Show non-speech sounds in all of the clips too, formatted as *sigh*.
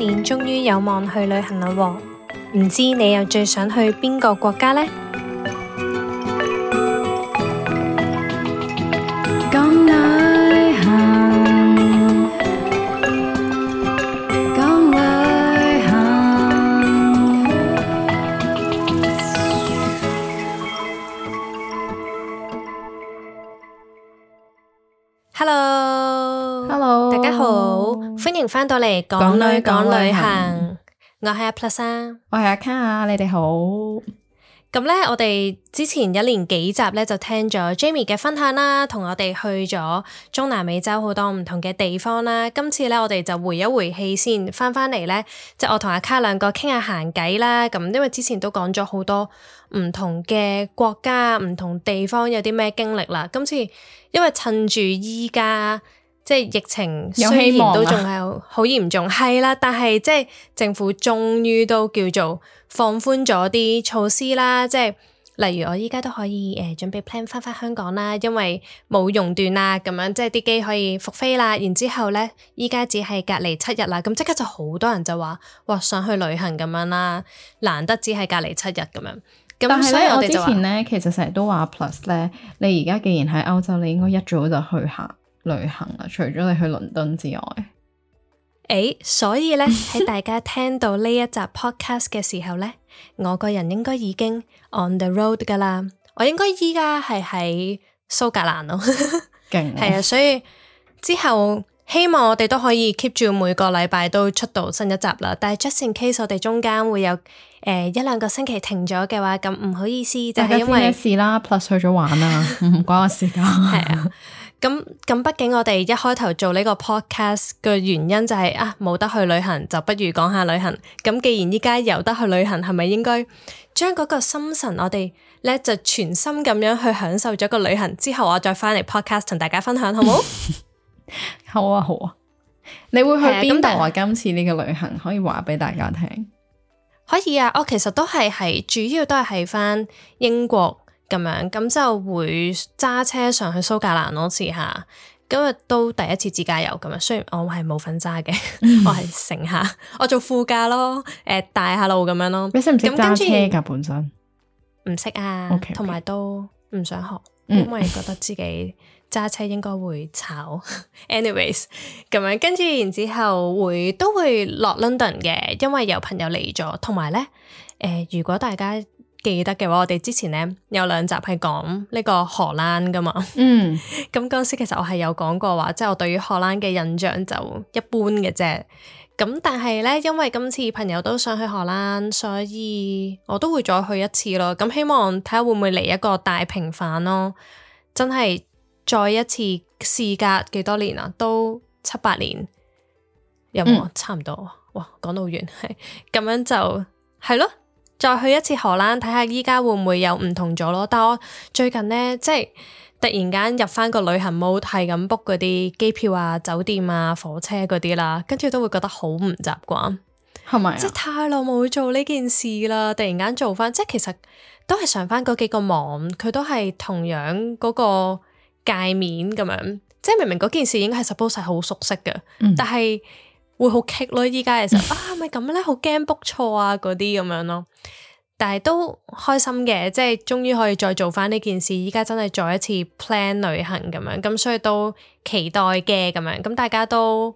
今年終於有望去旅行啦，唔知你又最想去邊個國家呢？返到嚟講女講旅行，旅行，我係阿 Plus 啊，我係阿卡啊，你哋好。咁咧，我哋之前一連幾集咧就聽咗 Jamie 嘅分享啦，同我哋去咗中南美洲好多唔同嘅地方啦。今次咧，我哋就回一回氣先，返返嚟咧，即係我同阿卡兩個傾下閒偈啦。咁因為之前都講咗好多唔同嘅國家、唔同地方有啲咩經歷啦。今次因為趁住依家。即係疫情雖然都仲係好嚴重，係啦，但係即係政府終於都叫做放寬咗啲措施啦。即係例如我依家都可以誒、呃、準備 plan 翻翻香港啦，因為冇熔斷啦咁樣，即係啲機可以復飛啦。然之後咧，依家只係隔離七日啦，咁即刻就好多人就話哇想去旅行咁樣啦，難得只係隔離七日咁樣。咁所以我哋就話，我之前咧，其實成日都話 Plus 咧，你而家既然喺歐洲，你應該一早就去下旅行啊，除咗你去倫敦之外，誒、欸，所以呢，喺 *laughs* 大家聽到呢一集 podcast 嘅時候呢，我個人應該已經 on the road 噶啦，我應該依家係喺蘇格蘭咯，勁係啊，所以之後希望我哋都可以 keep 住每個禮拜都出到新一集啦。但係 just in case 我哋中間會有誒、呃、一兩個星期停咗嘅話，咁唔好意思，就係、是、因為事啦 *laughs* ，plus 去咗玩啦、啊，唔 *laughs* 關我事噶，係啊。 *laughs* *laughs* *laughs* *laughs* 咁咁，畢竟我哋一開頭做呢個 podcast 嘅原因就係啊，冇得去旅行，就不如講下旅行。咁既然依家有得去旅行，係咪應該將嗰個心神我哋咧就全心咁樣去享受咗個旅行之後，我再翻嚟 podcast 同大家分享，好唔好？ *laughs* 好啊，好啊。你會去邊度啊？我今次呢個旅行可以話俾大家聽？可以啊，我其實都係係主要都係係翻英國。咁樣咁就會揸車上去蘇格蘭囉，試下今日都第一次自駕遊咁樣，雖然我係冇份揸嘅， *laughs* 我係乘客，我做副駕咯，誒帶下路咁樣咯。你識唔識揸車㗎本身？噉跟住唔識啊，同埋 Okay, okay. 都唔想學，Okay. 因為覺得自己揸車應該會炒。 *laughs* Anyways 咁樣，跟住然之後會都會落 London 嘅，因為有朋友嚟咗，同埋咧誒，如果大家。記得嘅話，我哋之前咧有兩集係講呢個荷蘭噶嘛。嗯。咁嗰陣時，其實我係有講過話，即係我對於荷蘭嘅印象就一般嘅啫。咁但係咧，因為今次朋友都想去荷蘭，所以我都會再去一次咯。咁希望睇下會唔會嚟一個大平反咯。真係再一次，事隔幾多年啊？都七八年有冇？嗯、差唔多。哇！講到完係咁樣就係咯。再去一次荷蘭睇下依家會唔會有唔同咗咯？但我最近呢，即係突然間入翻個旅行 mode，係咁 book 嗰啲機票啊、酒店啊、火車嗰啲啦，跟住都會覺得好唔習慣，係咪啊？即係太耐冇做呢件事啦，突然間做翻，即係其實都係上翻嗰幾個網，佢都係同樣嗰個界面咁樣，即係明明嗰件事應該係 suppose 係好熟悉嘅，嗯、但係。會好棘咯！依家其實啊係咪咁呢？好驚 book 錯啊嗰啲咁樣咯。但係都開心嘅，即係終於可以再做翻呢件事。依家真係再一次 plan 旅行咁樣，咁所以都期待嘅咁樣。咁大家都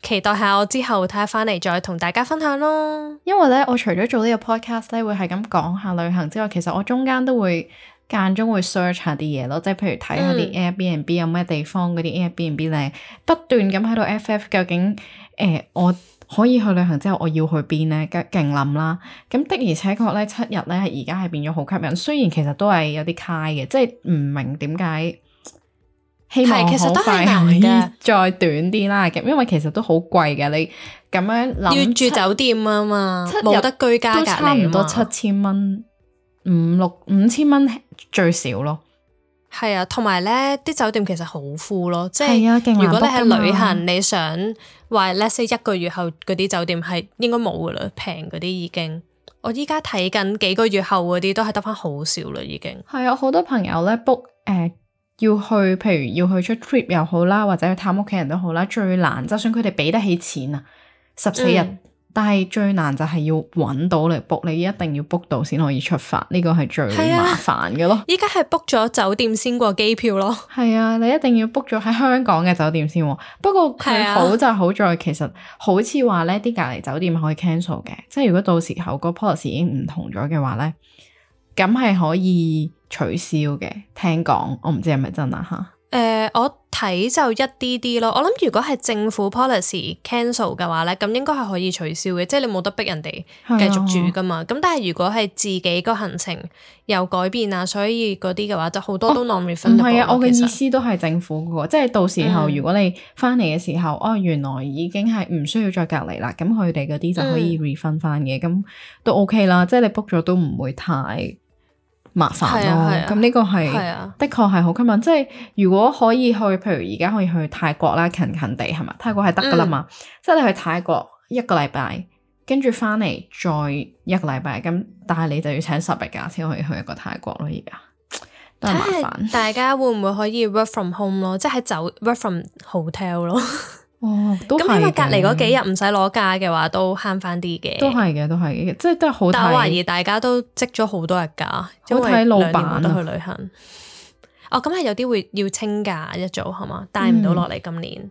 期待下我之後睇下翻嚟再同大家分享咯。因為呢，我除咗做呢個 podcast 咧，會係咁講下旅行之外，其實我中間都會間中會 search 下啲嘢咯，即係譬如睇下啲 Airbnb 有咩地方，嗰啲 Airbnb 靚，不斷咁喺度 FF，究竟。誒、呃，我可以去旅行之後，我要去邊咧？勁諗啦，咁的而且確咧，七日咧，而家係變咗好吸引。雖然其實都係有啲 high 嘅，即係唔明點解。希望其實都係可以再短啲啦。咁因為其實都好貴嘅，你咁樣諗要住酒店啊嘛，七日，冇得居家隔離，差唔多七千蚊，五六五千蚊最少咯。係啊，同埋咧，啲酒店其實好富咯，即係是、啊、如果你喺旅行，嗯、你想話，let's say 一個月後嗰啲酒店係應該冇噶啦，平嗰啲已經。我依家睇緊幾個月後嗰啲都係得翻好少啦，已經。係啊，好多朋友咧 book 誒要去，譬如要去出 trip 又好啦，或者去探屋企人都好啦，最難，就算佢哋俾得起錢啊，十四日。但係最難就係要揾到嚟 book，你一定要 book 到先可以出發，呢個係最麻煩嘅咯。依家係 book 咗酒店先過機票咯。係啊，你一定要 book 咗喺香港嘅酒店先。不過佢好就好在，啊、其實好似話呢啲隔離酒店可以 cancel 嘅，即係如果到時候個 policy 已經唔同咗嘅話呢，咁係可以取消嘅。聽講，我唔知係咪真啊吓。誒、呃，我睇就一啲啲咯。我諗如果係政府 policy cancel 嘅話咧，咁應該係可以取消嘅，即係你冇得逼人哋繼續住噶嘛。咁、啊、但係如果係自己個行程有改變啊，所以嗰啲嘅話就好多都 non-refundable，係啊。實我嘅意思都係政府嘅喎，即係到時候如果你翻嚟嘅時候，嗯、哦原來已經係唔需要再隔離啦，咁佢哋嗰啲就可以 refund 翻嘅，咁、嗯、都 OK 啦。即係你 book 咗都唔會太。麻煩咯，咁呢、啊啊、個係、啊、的確係好吸引。即係如果可以去，譬如而家可以去泰國啦、近近地係嘛？泰國係得㗎喇嘛。嗯、即係你去泰國一個禮拜，跟住翻嚟再一個禮拜，咁但係你就要請十日假先可以去一個泰國咯。而家都係麻煩。看看大家會唔會可以 work from home 咯？即係喺酒 work from hotel 咯？ *laughs* 哦，咁因為隔離嗰幾日唔使攞假嘅話，都慳翻啲嘅。都係嘅，都係嘅，即係都係好。但懷疑大家都積咗好多日假，好睇老闆去旅行。啊、哦，咁係有啲會要清假一早係嘛？帶唔到落嚟今年。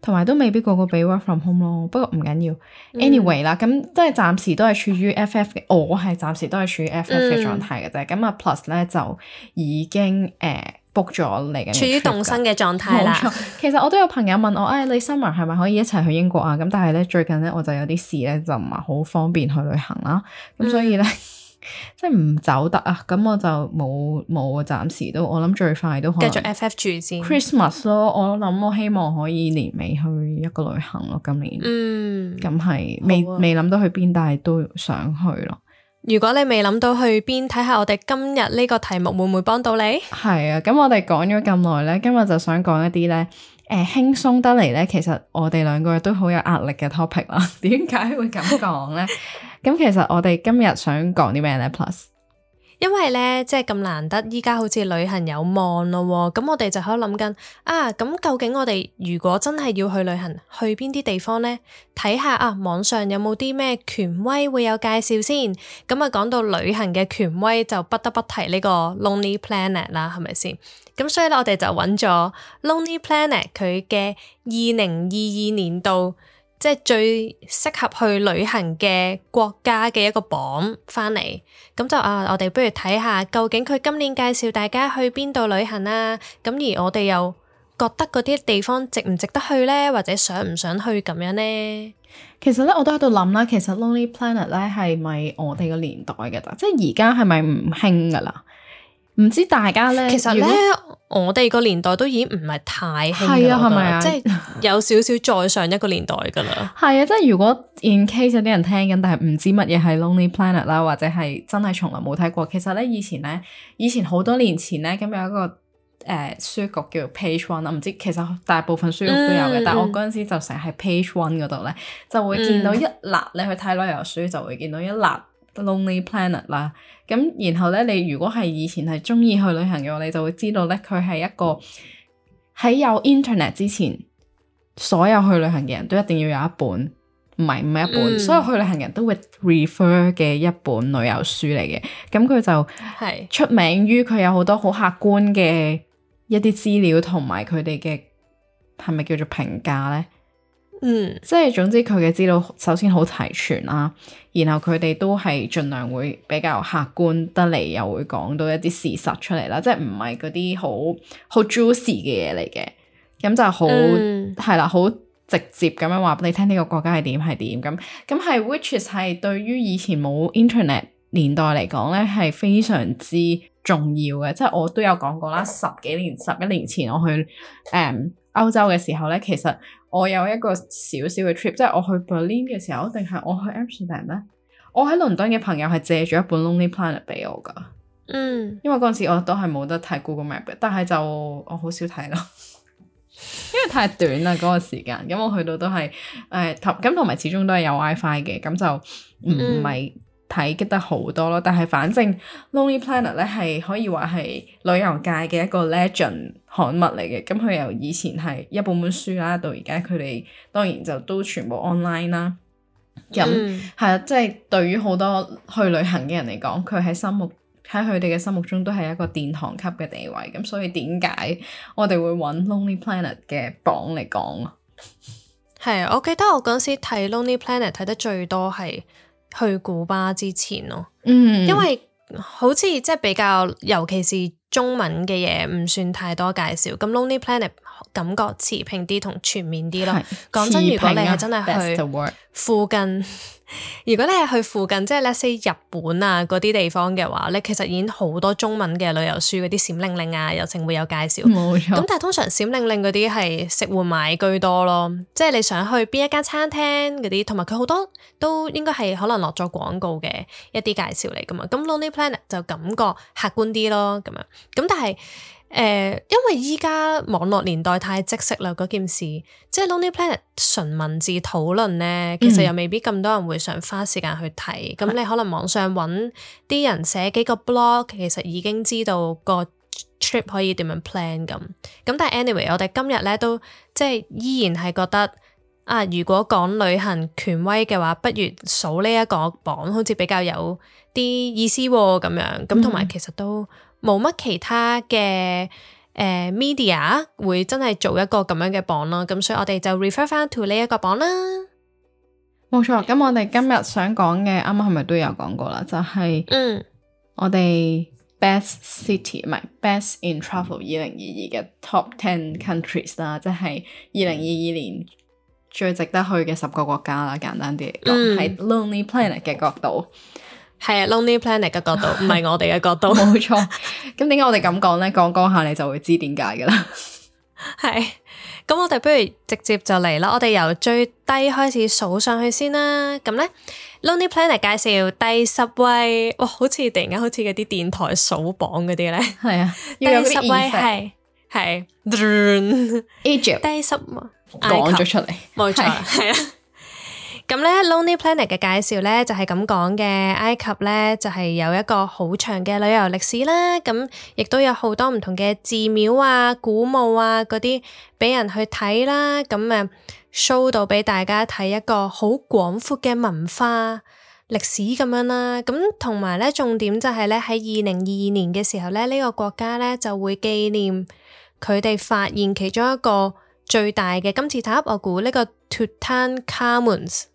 同埋、嗯、都未必個個俾 work from home 咯，不過唔緊要，anyway 啦、嗯，咁都係暫時都係處於 FF 嘅，我係暫時都係處於 FF 嘅狀態嘅啫。咁啊、嗯、Plus 咧就已經誒。呃 book 咗嚟嘅，處於動身嘅狀態啦。冇錯。 *laughs* 其實我都有朋友問我，哎，你 summer 係咪可以一齊去英國啊？咁但係咧，最近咧我就有啲事咧，就唔係好方便去旅行啦。咁所以咧，嗯、 *laughs* 即係唔走得啊。咁我就冇冇，暫時都我諗最快都可能繼續 FF 住先。Christmas 咯，我諗我希望可以年尾去一個旅行咯。今年，嗯，咁係未未諗到去邊，但係都想去咯。如果你未諗到去邊，睇下我哋今日呢個題目會唔會幫到你？係啊，咁我哋講咗咁耐咧，今日就想講一啲咧，誒、呃，輕鬆得嚟咧，其實我哋兩個都好有壓力嘅 topic 啦。點解會咁講咧？咁 *laughs* 其實我哋今日想講啲咩咧？Plus 因為呢，即係咁難得，依家好似旅行有望咯、喔，咁我哋就可以諗緊啊。咁究竟我哋如果真係要去旅行，去邊啲地方呢？睇下啊，網上有冇啲咩權威會有介紹先。咁啊，講到旅行嘅權威就不得不提呢個 Lonely Planet 啦，係咪先？咁所以呢，我哋就揾咗 Lonely Planet 佢嘅二零二二年度。即係最適合去旅行嘅國家嘅一個榜翻嚟，咁就啊，我哋不如睇下究竟佢今年介紹大家去邊度旅行啊？咁而我哋又覺得嗰啲地方值唔值得去呢？或者想唔想去咁樣呢？其實呢，我都喺度諗啦，其實 Lonely Planet 咧係咪我哋個年代嘅？即係而家係咪唔興噶啦？唔知大家呢。其實咧。我哋個年代都已經唔係太興啦，係咪啊？是是即係有少少再上一個年代噶啦。係啊，即係如果 in case 有啲人聽緊，但係唔知乜嘢係《Lonely Planet》啦，或者係真係從來冇睇過。其實咧，以前咧，以前好多年前咧，咁有一個誒、呃、書局叫做 Page One 啦。唔知其實大部分書局都有嘅，嗯、但係我嗰陣時就成日喺 Page One 嗰度咧，就會見到一列，嗯、你去睇旅遊書就會見到一列。Lonely Planet 啦，咁然後咧，你如果係以前係中意去旅行嘅話，你就會知道咧，佢係一個喺有 Internet 之前，所有去旅行嘅人都一定要有一本，唔係唔係一本，嗯、所有去旅行人都會 refer 嘅一本旅遊書嚟嘅。咁佢就係出名於佢有好多好客觀嘅一啲資料同埋佢哋嘅，係咪叫做評價咧？嗯，即係總之佢嘅資料首先好齊全啦、啊，然後佢哋都係盡量會比較客觀得嚟，又會講到一啲事實出嚟啦，即係唔係嗰啲好好 juicy 嘅嘢嚟嘅，咁就好係、嗯、啦，好直接咁樣話俾你聽呢個國家係點係點咁，咁係 which is 係對於以前冇 internet 年代嚟講咧係非常之重要嘅，即係我都有講過啦，十幾年十一年前我去誒歐、嗯、洲嘅時候咧，其實。我有一個小小嘅 trip，即係我去 Berlin 嘅時候，定係我去 Amsterdam 咧。我喺倫敦嘅朋友係借咗一本 Lonely Planet 俾我噶。嗯，因為嗰陣時我都係冇得睇 Google Map，但係就我好少睇咯，因為太短啦嗰個時間。咁 *laughs* 我去到都係誒，咁同埋始終都係有 WiFi 嘅，咁就唔唔係。嗯睇擊得好多咯，但係反正 Lonely Planet 咧係可以話係旅遊界嘅一個 legend 刊物嚟嘅，咁佢由以前係一本本書啦，到而家佢哋當然就都全部 online 啦。咁係、嗯、啊，即、就、係、是、對於好多去旅行嘅人嚟講，佢喺心目喺佢哋嘅心目中都係一個殿堂級嘅地位，咁所以點解我哋會揾 Lonely Planet 嘅榜嚟講啊？係，我記得我嗰時睇 Lonely Planet 睇得最多係。去古巴之前咯，嗯、因為好似即係比較，尤其是中文嘅嘢唔算太多介紹。咁 Lonely Planet。感覺持平啲同全面啲咯。講是真，啊、如果你係真係去附近，of *laughs* 如果你係去附近，即係 let's say 日本啊嗰啲地方嘅話，咧其實已經好多中文嘅旅遊書嗰啲閃令令啊，有情會有介紹。冇錯。咁但係通常閃令令嗰啲係食玩買居多咯，即係你想去邊一間餐廳嗰啲，同埋佢好多都應該係可能落咗廣告嘅一啲介紹嚟㗎嘛。咁 Lonely Planet 就感覺客觀啲咯，咁樣。咁但係。誒、呃，因為依家網絡年代太即時啦，嗰件事即係 Lonely Planet 純文字討論呢，嗯、其實又未必咁多人會想花時間去睇。咁、嗯、你可能網上揾啲人寫幾個 blog，其實已經知道個 trip 可以點樣 plan 咁。咁但係 anyway，我哋今日呢都即係依然係覺得啊，如果講旅行權威嘅話，不如數呢一個榜，好似比較有啲意思咁、哦、樣。咁同埋其實都。嗯冇乜其他嘅誒、呃、media 會真係做一個咁樣嘅榜啦，咁所以我哋就 refer 翻 to 呢一個榜啦。冇錯，咁我哋今日想講嘅啱啱係咪都有講過啦？就係、是、嗯，我哋 best city 唔係 best in travel 二零二二嘅 top ten countries 啦，即係二零二二年最值得去嘅十個國家啦。簡單啲嚟講，喺、嗯、Lonely Planet 嘅角度。係啊，Lonely Planet 嘅角度，唔係我哋嘅角度。冇錯， *laughs* 咁點解我哋咁講咧？講講下你就會知點解噶啦。係 *laughs* ，咁我哋不如直接就嚟啦。我哋由最低開始數上去先啦。咁咧，Lonely Planet 介紹第十位，哇，好似突然間好似嗰啲電台數榜嗰啲咧。係啊，第十位係係 Egypt，第十講咗出嚟，冇錯，係啊。咁咧，Lonely Planet 嘅介紹咧就係咁講嘅。埃及咧就係、是、有一個好長嘅旅遊歷史啦，咁亦都有好多唔同嘅寺廟啊、古墓啊嗰啲俾人去睇啦，咁啊 show 到俾大家睇一個好廣闊嘅文化歷史咁樣啦。咁同埋咧，重點就係咧喺二零二二年嘅時候咧，呢、這個國家咧就會紀念佢哋發現其中一個最大嘅金字塔。我估呢個 Tutankhamun。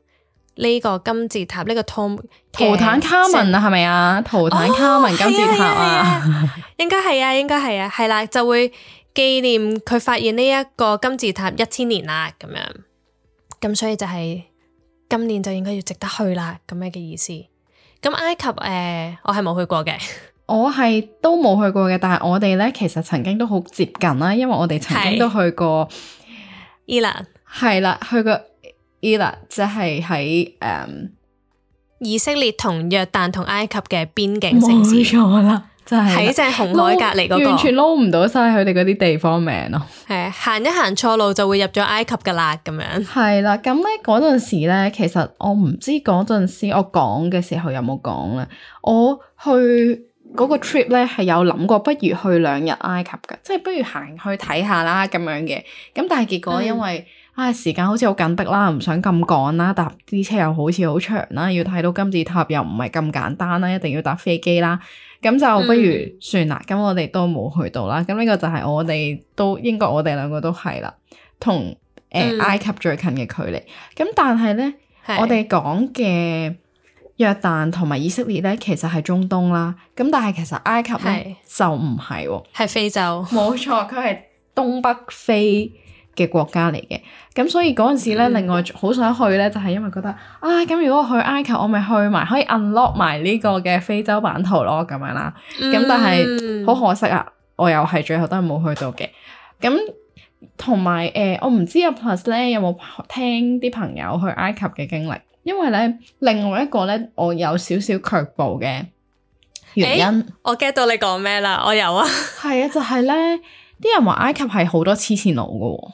呢個金字塔，呢、這個圖圖坦卡文啊，係咪啊？圖坦卡文、哦、金字塔啊， *laughs* 應該係啊，應該係啊，係啦，就會紀念佢發現呢一個金字塔一千年啦，咁樣。咁所以就係今年就應該要值得去啦，咁樣嘅意思。咁埃及誒，我係冇去過嘅。我係都冇去過嘅，但係我哋咧其實曾經都好接近啦，因為我哋曾經都去過的伊朗蘭，係啦，去過。耶拿即係喺誒以色列同約旦同埃及嘅邊境城市，冇錯啦，即係喺只紅海隔籬嗰個，完全撈唔到晒佢哋嗰啲地方名咯。係行一行錯路就會入咗埃及噶啦，咁樣係啦。咁咧嗰陣時咧，其實我唔知嗰陣時我講嘅時候有冇講咧。我去嗰個 trip 咧係有諗過，不如去兩日埃及噶，即係不如行去睇下啦咁樣嘅。咁但係結果因為、嗯。啊，時間好似好緊迫啦，唔想咁趕啦，搭啲車又好似好長啦，要睇到金字塔又唔係咁簡單啦，一定要搭飛機啦，咁就不如算啦，咁、嗯、我哋都冇去到啦，咁呢個就係我哋都應該我哋兩個都係啦，同誒、呃、埃及最近嘅距離，咁、嗯、但係呢，是我哋講嘅約旦同埋以色列呢，其實係中東啦，咁但係其實埃及呢，是就唔係喎，係非洲，冇 *laughs* 錯，佢係東北非。嘅國家嚟嘅，咁所以嗰陣時咧，另外好想去咧，就係、是、因為覺得、嗯、啊，咁如果我去埃及，我咪去埋，可以 unlock 埋呢個嘅非洲版圖咯，咁樣啦。咁但係好、嗯、可惜啊，我又係最後都係冇去到嘅。咁同埋誒，我唔知阿 Plus 咧有冇聽啲朋友去埃及嘅經歷，因為咧另外一個咧，我有少少卻步嘅原因。欸、我 get 到你講咩啦？我有啊，係 *laughs* 啊，就係、是、咧，啲人話埃及係好多黐線佬㗎喎。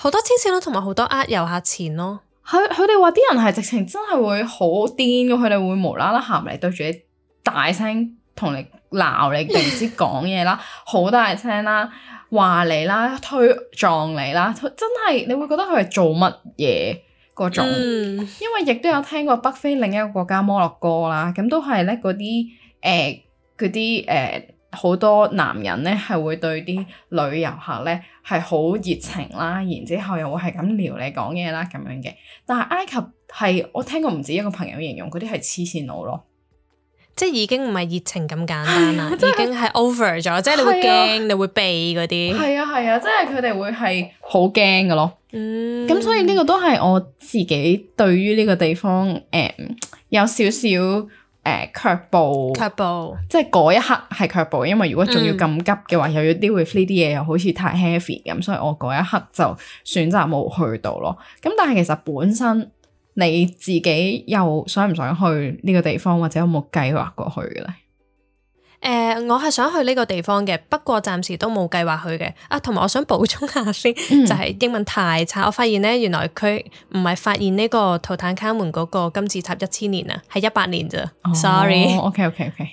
好多黐線佬，同埋好多呃遊客錢咯。佢佢哋話啲人係直情真係會好癲嘅，佢哋會無啦啦行嚟對住你大聲同你鬧你，唔知講嘢啦，好 *laughs* 大聲啦，話你啦，推撞你啦，真係你會覺得佢係做乜嘢嗰種。嗯、因為亦都有聽過北非另一個國家摩洛哥啦，咁都係咧嗰啲誒啲誒。呃好多男人咧係會對啲旅遊客咧係好熱情啦，然之後又會係咁撩你講嘢啦咁樣嘅。但係埃及係我聽過唔止一個朋友形容，嗰啲係黐線佬咯，即係已經唔係熱情咁簡單啦， *coughs* 已經係 over 咗， *coughs* 即係你會驚、啊、你會避嗰啲。係啊係啊，啊，啊，即係佢哋會係好驚嘅咯。咁、嗯、所以呢個都係我自己對於呢個地方誒、嗯、有少少。誒，卻、uh，步，卻步，即係嗰一刻係卻步，因為如果仲要咁急嘅話，嗯、又要啲會飛啲嘢，又好似太 heavy 咁，所以我嗰一刻就選擇冇去到咯。咁但係其實本身你自己又想唔想去呢個地方，或者有冇計劃過去咧？誒、呃，我係想去呢個地方嘅，不過暫時都冇計劃去嘅。啊，同埋我想補充下先，就係、是、英文太差，嗯、我發現呢，原來佢唔係發現呢個圖坦卡門嗰個金字塔一千年啊，係一八年咋、哦？Sorry，OK、哦、OK OK，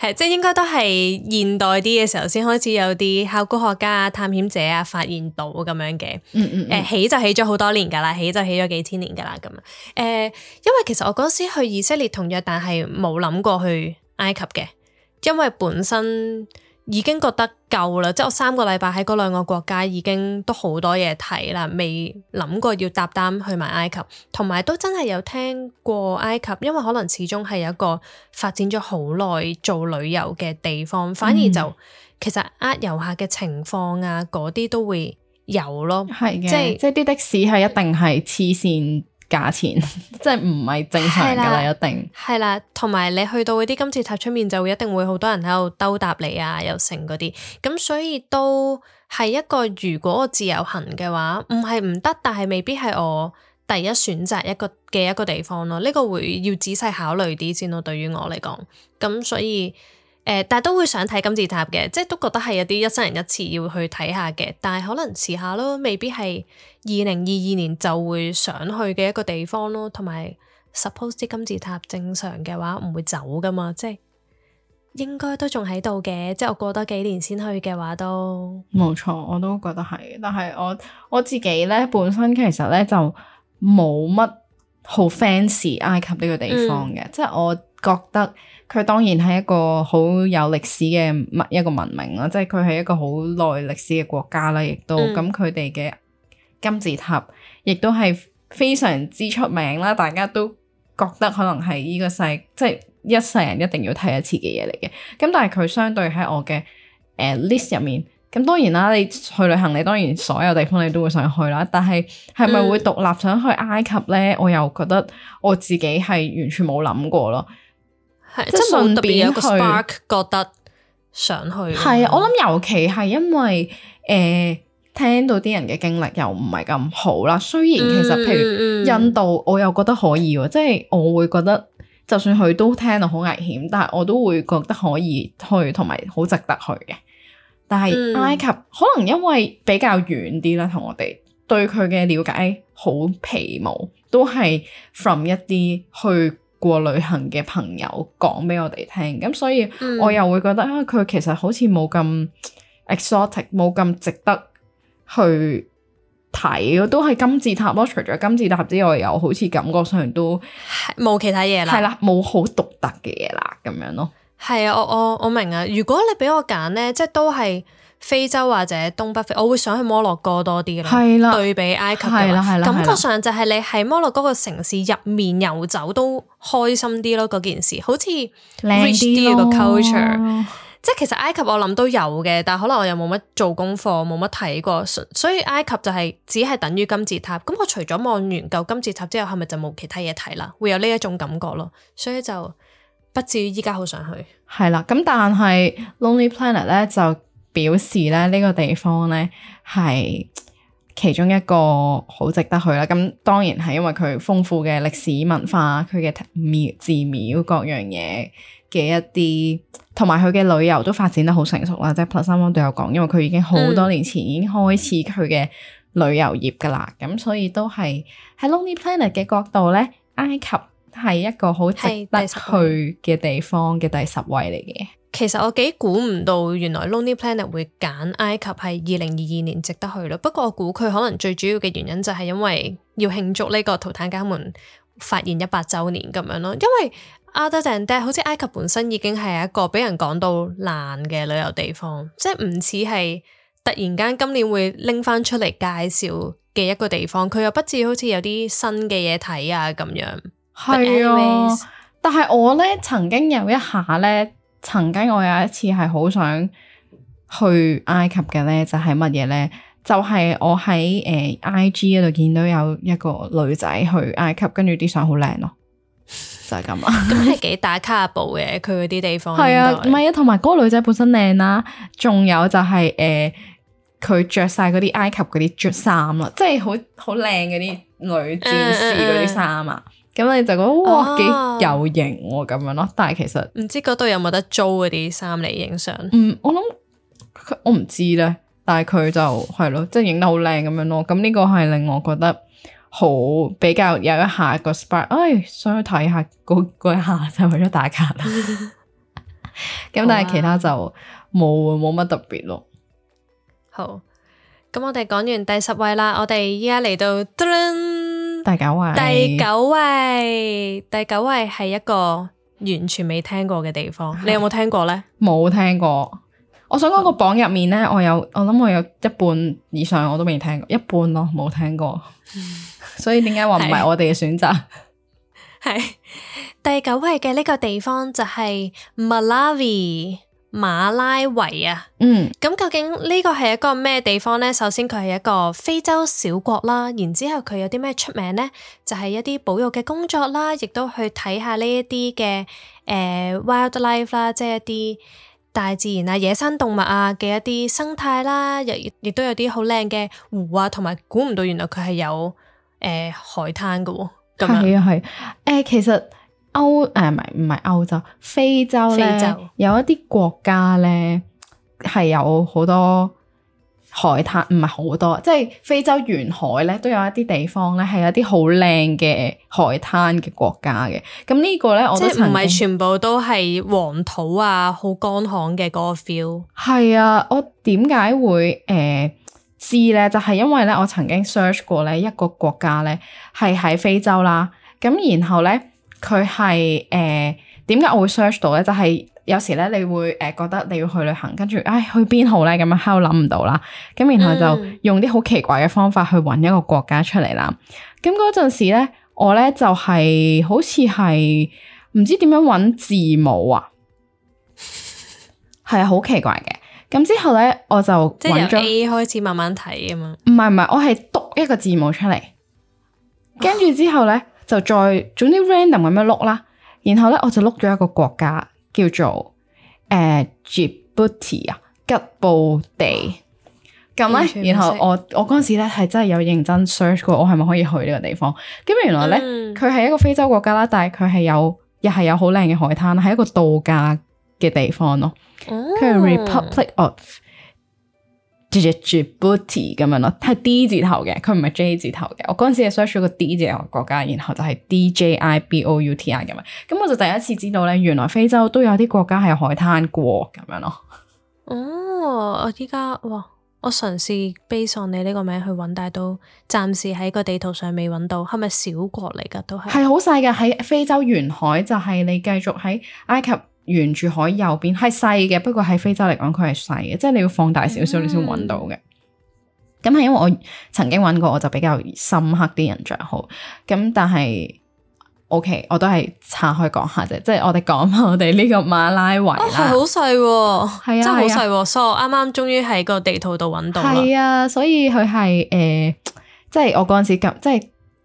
係即係應該都係現代啲嘅時候先開始有啲考古學家啊、探險者啊發現到咁樣嘅、嗯嗯嗯呃。起就起咗好多年㗎喇，起就起咗幾千年㗎喇咁啊。因為其實我嗰時去以色列同約旦係冇諗過去埃及嘅。因為本身已經覺得夠啦，即係我三個禮拜喺嗰兩個國家已經都好多嘢睇啦，未諗過要搭單去埋埃及，同埋都真係有聽過埃及，因為可能始終係有一個發展咗好耐做旅遊嘅地方，嗯、反而就其實呃遊客嘅情況啊，嗰啲都會有咯，係嘅的，即係是即係啲的士係一定係黐線。價錢 *laughs* 真係唔係正常噶啦，了一定係啦。同埋你去到嗰啲金字塔出面，就會一定會好多人喺度兜搭你啊，又剩嗰啲。咁所以都係一個如果我自由行嘅話，唔係唔得，但係未必係我第一選擇一個嘅一個地方咯。呢個會要仔細考慮啲先咯。對於我嚟講，咁所以。誒、呃，但係都會想睇金字塔嘅，即係都覺得係有啲一生人一次要去睇下嘅，但係可能遲下咯，未必係二零二二年就會想去嘅一個地方咯。同埋，suppose 啲金字塔正常嘅話唔會走㗎嘛，即係應該都仲喺度嘅。即係我過多幾年先去嘅話都冇錯，我都覺得係。但係我我自己咧本身其實咧就冇乜好 fans 埃及呢個地方嘅，嗯、即係我。覺得佢當然係一個好有歷史嘅一個文明啦，即係佢係一個好耐歷史嘅國家啦，亦都咁佢哋嘅金字塔亦都係非常之出名啦，大家都覺得可能係呢個世即係一世人一定要睇一次嘅嘢嚟嘅。咁但係佢相對喺我嘅誒、呃、list 入面，咁當然啦，你去旅行你當然所有地方你都會想去啦，但係係咪會獨立想去埃及呢？嗯、我又覺得我自己係完全冇諗過咯。是即係順便去，覺得想去。係啊，我諗尤其係因為誒、呃，聽到啲人嘅經歷又唔係咁好啦。雖然其實譬如印度，我又覺得可以喎，即係、嗯嗯、我會覺得就算佢都聽到好危險，但係我都會覺得可以去，同埋好值得去嘅。但係埃及、嗯、可能因為比較遠啲啦，同我哋對佢嘅了解好皮毛，都係 from 一啲去。過旅行嘅朋友講俾我哋聽，咁所以我又會覺得、嗯、啊，佢其實好似冇咁 exotic，冇咁值得去睇，都係金字塔咯。除咗金字塔之外，又好似感覺上都冇其他嘢啦，係啦，冇好獨特嘅嘢啦，咁樣咯。係啊，我我我明啊，如果你俾我揀咧，即係都係。非洲或者東北非，我會想去摩洛哥多啲嘅咯，係啦，對比埃及嘅，感覺上就係你喺摩洛哥個城市入面遊走都開心啲咯。嗰件事好似 rich 啲嘅 culture，即係其實埃及我諗都有嘅，但係可能我又冇乜做功課，冇乜睇過，所以埃及就係只係等於金字塔。咁我除咗望完舊金字塔之後，係咪就冇其他嘢睇啦？會有呢一種感覺咯。所以就不至於依家好想去。係啦，咁但係 Lonely Planet 咧就表示咧呢個地方咧係其中一個好值得去啦。咁當然係因為佢豐富嘅歷史文化、佢嘅廟寺廟各樣嘢嘅一啲，同埋佢嘅旅遊都發展得好成熟啦。即係彭生剛都有講，因為佢已經好多年前已經開始佢嘅旅遊業㗎喇。咁、嗯、所以都係喺 Lonely Planet 嘅角度咧，埃及係一個好值得去嘅地方嘅第十位嚟嘅。其實我幾估唔到原來 Lonely Planet 會揀埃及係二零二二年值得去咯。不過我估佢可能最主要嘅原因就係因為要慶祝呢個圖坦卡門發現一百周年咁樣咯。因為 other than that，好似埃及本身已經係一個俾人講到爛嘅旅遊地方，即係唔似係突然間今年會拎翻出嚟介紹嘅一個地方。佢又不至好似有啲新嘅嘢睇啊咁樣。係啊，但係、啊、我呢曾經有一下呢。曾經我有一次係好想去埃及嘅咧，就係乜嘢咧？就係、是、我喺誒、呃、IG 嗰度見到有一個女仔去埃及，跟住啲相好靚咯，就係、是、咁 *laughs* 啊！咁係幾大卡布嘅佢嗰啲地方，係啊，唔係啊，同埋嗰個女仔本身靚啦，仲有就係誒佢着晒嗰啲埃及嗰啲着衫啦，即係好好靚嗰啲女戰士嗰啲衫啊！Uh uh. 咁你就覺得哇，幾有型咁樣咯，但係其實唔知嗰度有冇得租嗰啲衫嚟影相。嗯，我諗我唔知咧，但係佢就係咯，即係影得好靚咁樣咯。咁呢個係令我覺得好比較有一下個 spot，哎，想去睇下嗰一下，一下就為咗打卡啦。咁 *laughs* *laughs* 但係其他就冇冇乜特別咯。好，咁我哋講完第十位啦，我哋依家嚟到叮叮。第九,第九位，第九位，第九位係一個完全未聽過嘅地方，的你有冇聽過呢？冇聽過。我想講個榜入面呢，我有，我諗我有一半以上我都未聽過，一半咯，冇聽過。 *laughs* 所以點解話唔係我哋嘅選擇？係第九位嘅呢個地方就係 Malawi。馬拉維啊，嗯，咁究竟呢個係一個咩地方呢？首先佢係一個非洲小國啦，然之後佢有啲咩出名呢？就係、是、一啲保育嘅工作啦，亦都去睇下呢一啲嘅，誒、呃、wildlife 啦，即係一啲大自然啊、野生動物啊嘅一啲生態啦，又亦都有啲好靚嘅湖啊，同埋估唔到原來佢係有誒、呃、海灘噶、啊，咁係係，誒、嗯嗯、其實。歐誒，唔係唔係歐洲，非洲咧，非洲有一啲國家咧係有好多海灘，唔係好多，即係非洲沿海咧都有一啲地方咧係有啲好靚嘅海灘嘅國家嘅。咁呢個咧，我即係唔係全部都係黃土啊，好乾旱嘅嗰個 feel。係啊，我點解會誒知咧？就係因為咧，我曾經 search 過咧一個國家咧係喺非洲啦，咁然後咧。佢係誒，點解、呃、我會 search 到咧？就係、係、有時咧，你會誒、呃、覺得你要去旅行，跟住唉，去邊好咧，咁樣喺度諗唔到啦。咁然後就用啲好奇怪嘅方法去搵一個國家出嚟啦。咁嗰陣時咧，我咧就係、係、好似係唔知點樣搵字母啊，係好奇怪嘅。咁之後咧，我就即係，由、A、開始慢慢睇啊嘛。唔係唔係，我係讀一個字母出嚟，跟住、哦、之後咧。就再總之 random 咁樣碌啦，然後咧我就碌咗一個國家叫做誒 Djibouti 啊，吉布地，咁咧，然後我我嗰陣時咧係真係有認真 search 過，我係咪可以去呢個地方？咁原來咧佢係一個非洲國家啦，但係佢係有又係有好靚嘅海灘，係一個度假嘅地方咯。佢係 Republic of。Djibouti 咁樣咯，係 D 字頭嘅，佢唔係 J 字頭嘅。我嗰陣時係 search 過 D 字頭國家，然後就係 Djibouti 咁樣。咁我就第一次知道咧，原來非洲都有啲國家係海灘國咁樣咯。哦，我依家哇，我嘗試 base on 你呢個名去揾，但係都暫時喺個地圖上未揾到。係咪小國嚟噶？都係係好細嘅，喺非洲沿海就係你繼續喺埃及。沿住海右邊係細嘅，不過喺非洲嚟講佢係細嘅，即係你要放大少少你先搵到嘅。咁係因為我曾經搵過，我就比較深刻啲印象好咁，但係，OK，我都係拆開講下啫，即係我哋講下我哋呢個馬拉維啦，好細、哦，係、啊 *laughs* 啊、真係好細， *laughs* 所以我啱啱終於喺個地圖度搵到啦。係啊，所以佢係，誒，即係我嗰陣時咁，即係。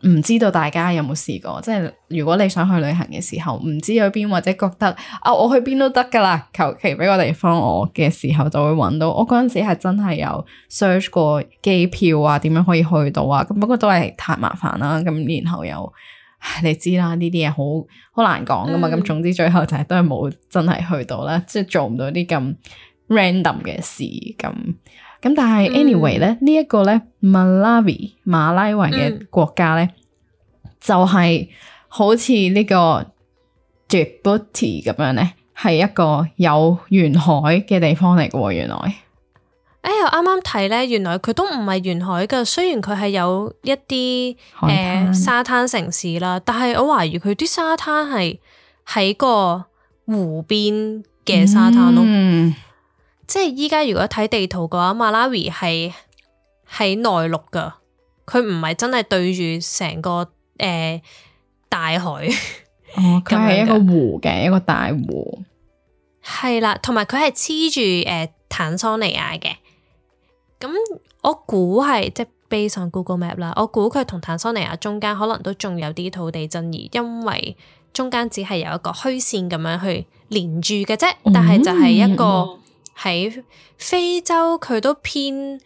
唔知道大家有冇試過？即係如果你想去旅行嘅時候，唔知去邊或者覺得啊，我去邊都得㗎啦，求其俾個地方我嘅時候就會揾到。我嗰陣時係真係有 search 過機票啊，點樣可以去到啊？咁不過都係太麻煩啦。咁然後又你知啦，呢啲嘢好好難講㗎嘛。咁總之最後就係都係冇真係去到啦，即係、嗯、做唔到啲咁 random 嘅事咁。咁但係 anyway 咧，嗯、呢一個咧 a w i 馬拉維嘅國家咧，嗯、就係好似呢個 u t 提咁樣咧，係一個有沿海嘅地方嚟嘅喎。原來，哎呀，啱啱睇咧，原來佢都唔係沿海噶。雖然佢係有一啲誒灘、呃、沙灘城市啦，但係我懷疑佢啲沙灘係喺個湖邊嘅沙灘咯。嗯即係依家如果睇地圖嘅話，馬拉維係喺內陸噶，佢唔係真係對住成個誒、呃、大海。 *laughs* 的哦，佢係一個湖嘅，一個大湖。係啦，同埋佢係黐住誒坦桑尼亞嘅。咁我估係即係 based on Google Map 啦。我估佢同坦桑尼亞中間可能都仲有啲土地爭議，因為中間只係有一個虛線咁樣去連住嘅啫，但係就係一個。嗯喺非洲，佢都偏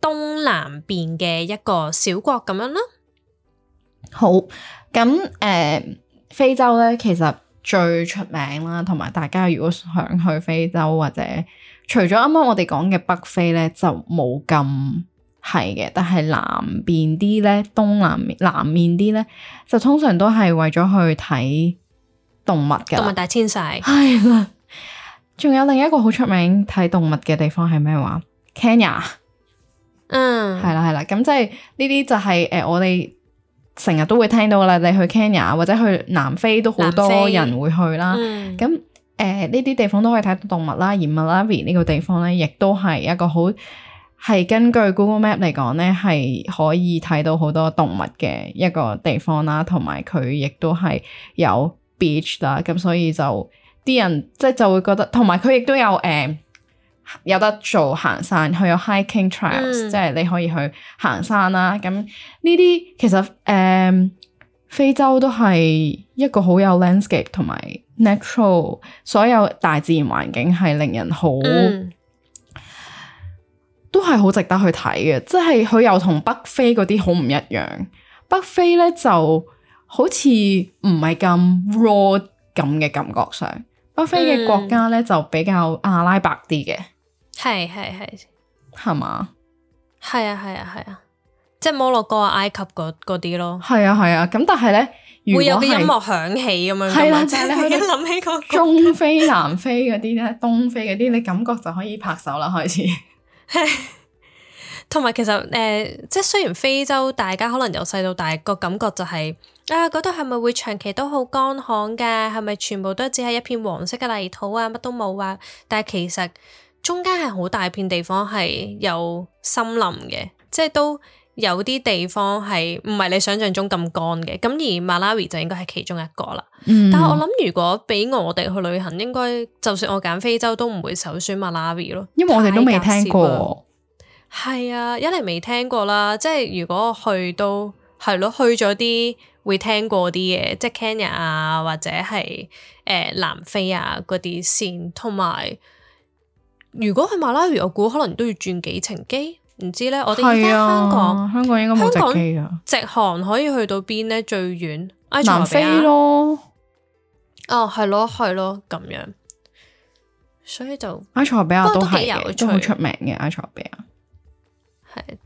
東南邊嘅一個小國咁樣囉。好，咁誒、呃，非洲咧，其實最出名啦，同埋大家如果想去非洲或者除咗啱啱我哋講嘅北非咧，就冇咁係嘅，但係南邊啲咧，東南南面啲咧，就通常都係為咗去睇動物嘅動物大遷徙，係啦。仲有另一個好出名睇動物嘅地方係咩話？Kenya，嗯、uh, *laughs* 係啦係啦，咁即係呢啲就係誒、就是呃、我哋成日都會聽到啦。你去 Kenya 或者去南非都好多人會去啦。咁誒呢啲地方都可以睇到動物啦。而 Malawi 呢個地方咧，亦都係一個好係根據 Google Map 嚟講咧，係可以睇到好多動物嘅一個地方啦。同埋佢亦都係有 beach 啦，咁所以就。啲人即係就會覺得，同埋佢亦都有誒、uh, 有得做行山，佢有 hiking trails、嗯、即係你可以去行山啦、啊。咁呢啲其實誒、uh, 非洲都係一個好有 landscape 同埋 natural，所有大自然環境係令人好、嗯、都係好值得去睇嘅。即係佢又同北非嗰啲好唔一樣，北非咧就好似唔係咁 raw 咁嘅感覺上。北非嘅國家咧、嗯、就比較阿拉伯啲嘅，係係係，係嘛？係啊係啊係啊，即係摩洛哥、埃及嗰啲咯。係啊係啊，咁、啊啊、但係咧會有嘅音樂響起咁樣，係啦、啊。就係你一諗起嗰中非、南非嗰啲咧， *laughs* 東非嗰啲，你感覺就可以拍手啦，開始。同埋其實誒，即、呃、係雖然非洲大家可能由細到大個感覺就係、是。啊，嗰度係咪會長期都好乾旱嘅？係咪全部都只係一片黃色嘅泥土啊？乜都冇啊？但係其實中間係好大片地方係有森林嘅，即係都有啲地方係唔係你想象中咁乾嘅？咁而馬拉維就應該係其中一個啦。嗯、但係我諗如果俾我哋去旅行，應該就算我揀非洲都唔會首選馬拉維咯，因為我哋都未聽過。係啊，一嚟未聽過啦，即係如果去都係咯、啊，去咗啲。會聽過啲嘢，即係 Kenya 啊，或者係誒、呃、南非啊嗰啲線，同埋如果去馬來西亞我估可能都要轉幾程機，唔知咧。我哋香港、啊，香港應該機香港直航可以去到邊咧？最遠埃塞比亞南非咯。哦，係咯，係咯，咁樣，所以就埃塞俄比亞都係都幾出名嘅埃塞俄比亞。係。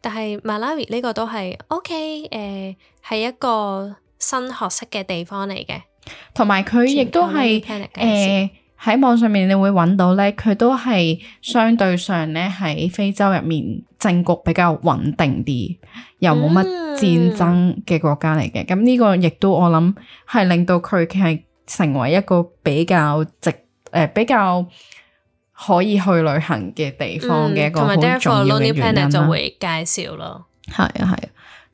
但係馬拉維呢個都係 OK，誒，係一個新學識嘅地方嚟嘅，同埋佢亦都係誒，喺網上面你會揾到呢，佢都係相對上呢，喺非洲入面政局比較穩定啲，又冇乜戰爭嘅國家嚟嘅。咁呢、嗯、個亦都我諗係令到佢佢係成為一個比較值誒、呃、比較。可以去旅行嘅地方嘅，嗯、一個好重要嘅原因咯，嗯、Lonely Planet 就會介紹咯。係啊係啊，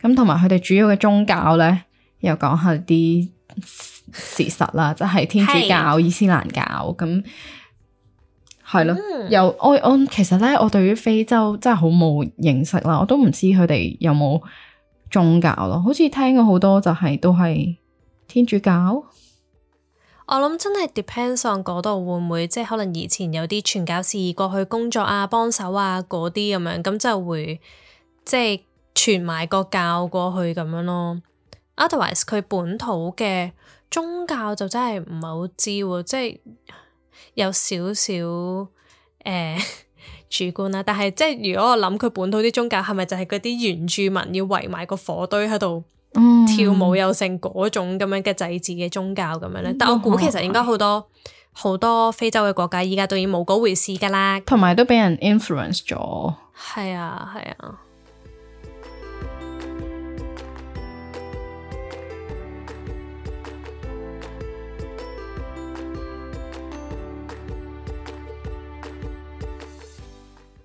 咁同埋佢哋主要嘅宗教咧，又講下啲事實啦，即係天主教，伊斯蘭教咁，係咯。嗯、又我我其實咧，我對於非洲真係好冇認識啦，我都唔知佢哋有冇宗教咯。好似聽過好多就係都係天主教。我諗真係 depends on 嗰度會唔會，即係可能以前有啲傳教士過去工作啊、幫手啊嗰啲咁樣，咁就會即係傳埋個教過去咁樣咯。Otherwise，佢本土嘅宗教就真係唔係好知，即係有少少誒主觀啦、啊。但係即係如果我諗佢本土啲宗教係咪就係嗰啲原住民要圍埋個火堆喺度？跳舞又成嗰種咁樣嘅祭祀嘅宗教咁樣咧，但我估其實應該好多好、嗯、多非洲嘅國家依家都已經冇嗰回事噶啦，同埋都俾人 influence 咗。係啊，係啊。啊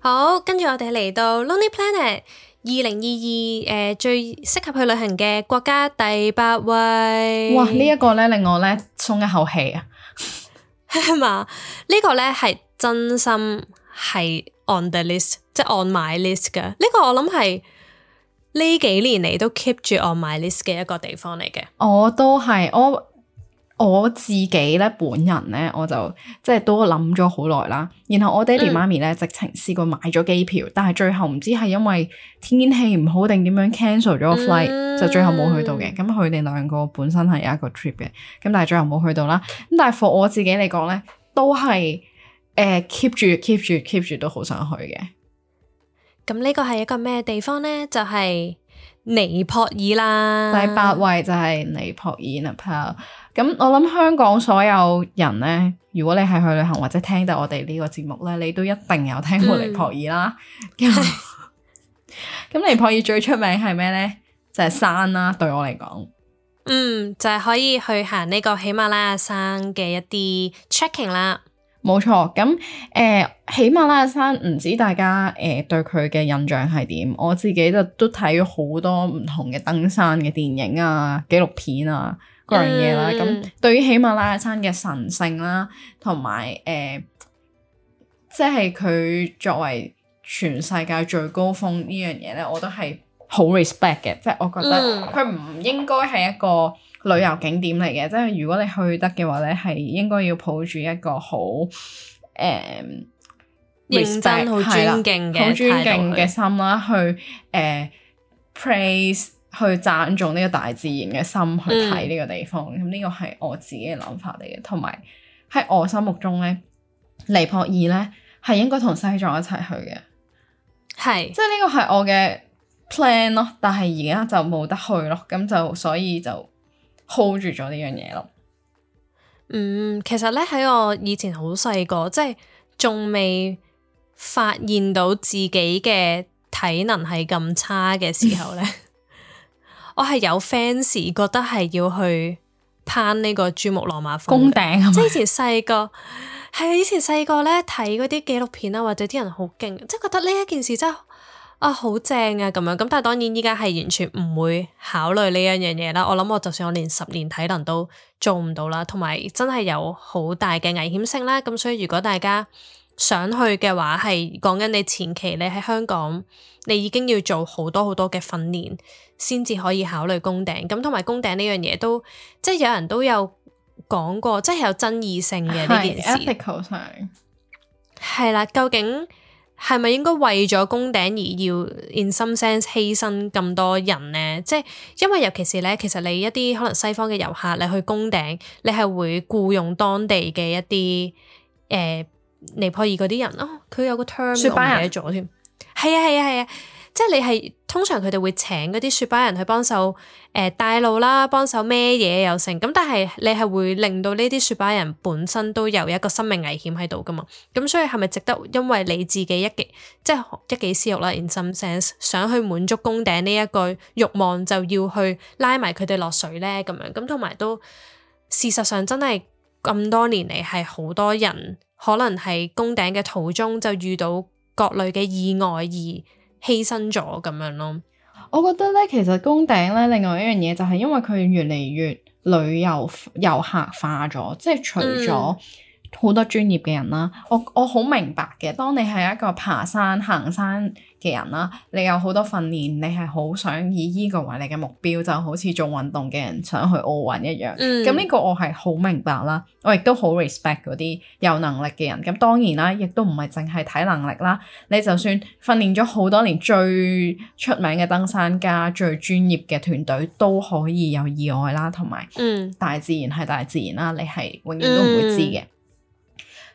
*music* 好，跟住我哋嚟到 Lonely Planet。二零二二誒，最適合去旅行嘅國家第八位。哇！這個、呢一個咧令我咧鬆一口氣啊，係嘛？ *laughs* 這個、呢個咧係真心係 on the list，即係 on my list 嘅。呢、這個我諗係呢幾年嚟都 keep 住 on my list 嘅一個地方嚟嘅。我都係我。我自己咧本人咧，我就即係都諗咗好耐啦。然後我爹哋媽咪咧，直情試過買咗機票，但係最後唔知係因為天氣唔好定點樣 cancel 咗個 flight，就最後冇去到嘅。咁佢哋兩個本身係有一個 trip 嘅，咁但係最後冇去到啦。咁但係 for 我自己嚟講咧，都係誒 keep 住 keep 住 keep 住都好想去嘅。咁呢個係一個咩地方咧？就係尼泊爾啦。第八位就係尼泊爾。咁我諗香港所有人呢，如果你係去旅行或者聽到我哋呢個節目呢，你都一定有聽過尼泊爾啦。咁、嗯、 *laughs* *laughs* 尼泊爾最出名係咩呢？就係、是、山啦、啊。對我嚟講，嗯，就係、是、可以去行呢個喜馬拉雅山嘅一啲 trekking 啦。冇錯。咁誒、呃，喜馬拉雅山唔知大家誒、呃、對佢嘅印象係點？我自己就都睇咗好多唔同嘅登山嘅電影啊、紀錄片啊。嗰樣嘢啦，咁、嗯、對於喜馬拉雅山嘅神聖啦，同埋誒，即係佢作為全世界最高峰呢樣嘢咧，我都係好 respect 嘅，嗯、即係我覺得佢唔應該係一個旅遊景點嚟嘅，即係如果你去得嘅話咧，係應該要抱住一個好誒、呃、認真、好尊敬、好了尊敬嘅心啦，嗯、去誒、呃、praise。去讚頌呢個大自然嘅心，去睇呢個地方。嗯、咁呢個係我自己嘅諗法嚟嘅，同埋喺我心目中咧，尼泊爾咧係應該同西藏一齊去嘅。係是，即係呢個係我嘅 plan 咯。但係而家就冇得去咯，咁就所以就 hold 住咗呢樣嘢咯。嗯，其實咧喺我以前好細個，即係仲未發現到自己嘅體能係咁差嘅時候咧。嗯我係有 fans 覺得係要去攀呢個珠穆朗瑪峰頂，頂即係以前細個，係 *laughs* 以前細個咧睇嗰啲紀錄片啊，或者啲人好勁，即係覺得呢一件事真係啊好正啊咁樣。咁但係當然依家係完全唔會考慮呢樣嘢啦。我諗我就算我連十年體能都做唔到啦，同埋真係有好大嘅危險性啦。咁所以如果大家想去嘅話，係講緊你前期你喺香港，你已經要做好多好多嘅訓練。先至可以考慮攻頂咁，同埋攻頂呢樣嘢都即係有人都有講過，即係有爭議性嘅呢是件事。係啦 ethical.，究竟係咪應該為咗攻頂而要 in some sense 犧牲咁多人呢？即係因為尤其是咧，其實你一啲可能西方嘅遊客，你去攻頂，你係會僱用當地嘅一啲誒、呃、尼泊爾嗰啲人啊，佢、哦、有個 term 唔記得咗添，係啊，係啊，係啊。即係你係通常佢哋會請嗰啲雪巴人去幫手，誒、呃、帶路啦，幫手孭嘢，又成咁。但係你係會令到呢啲雪巴人本身都有一個生命危險喺度噶嘛？咁所以係咪值得？因為你自己一己即係一己私欲啦，in some sense，想去滿足攻頂呢一句欲望，就要去拉埋佢哋落水呢。咁樣咁，同埋都事實上真係咁多年嚟係好多人可能係攻頂嘅途中就遇到各類嘅意外而。犧牲咗咁樣咯，我覺得咧，其實宮頂咧，另外一樣嘢就係因為佢越嚟越旅遊遊客化咗，即係除咗、嗯。好多專業嘅人啦，我我好明白嘅。當你係一個爬山行山嘅人啦，你有好多訓練，你係好想以呢個為你嘅目標，就好似做運動嘅人想去奧運一樣。嗯、咁呢個我係好明白啦，我亦都好 respect 嗰啲有能力嘅人。咁當然啦，亦都唔係淨係睇能力啦。你就算訓練咗好多年，最出名嘅登山家、最專業嘅團隊都可以有意外啦，同埋大自然係大自然啦，你係永遠都唔會知嘅。嗯嗯。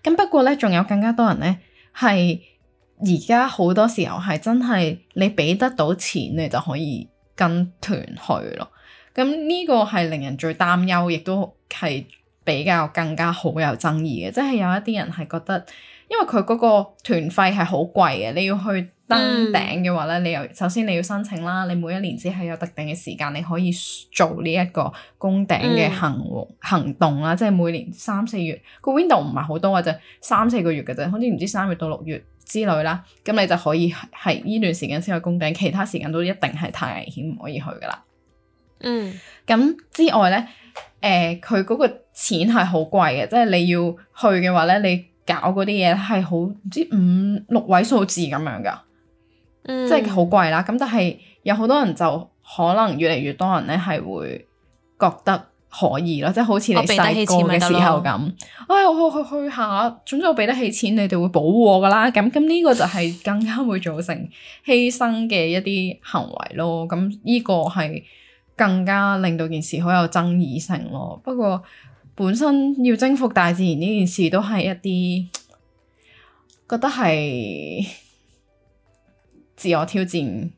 咁不過咧，仲有更加多人咧，係而家好多時候係真係你畀得到錢，你就可以跟團去咯。咁呢個係令人最擔憂，亦都係比較更加好有爭議嘅，即係有一啲人係覺得，因為佢嗰個團費係好貴嘅，你要去。登頂嘅話咧，嗯、你又首先你要申請啦。你每一年只係有特定嘅時間，你可以做呢一個攻頂嘅行行動啦。即係每年三四月個 window 唔係好多嘅啫，三四個月嘅啫，好似唔知三月到六月之類啦。咁你就可以喺呢段時間先去攻頂，其他時間都一定係太危險唔可以去噶啦。嗯，咁之外咧，誒、呃，佢嗰個錢係好貴嘅，即係你要去嘅話咧，你搞嗰啲嘢係好唔知五六位數字咁樣噶。即係好貴啦，咁但係有好多人就可能越嚟越多人咧，係會覺得可以咯，即係好似你細個嘅時候咁，哎，我去去去下，總之我俾得起錢，你哋會保護我噶啦。咁咁呢個就係更加會造成犧牲嘅一啲行為咯。咁呢個係更加令到件事好有爭議性咯。不過本身要徵服大自然呢件事都係一啲覺得係。自我挑戰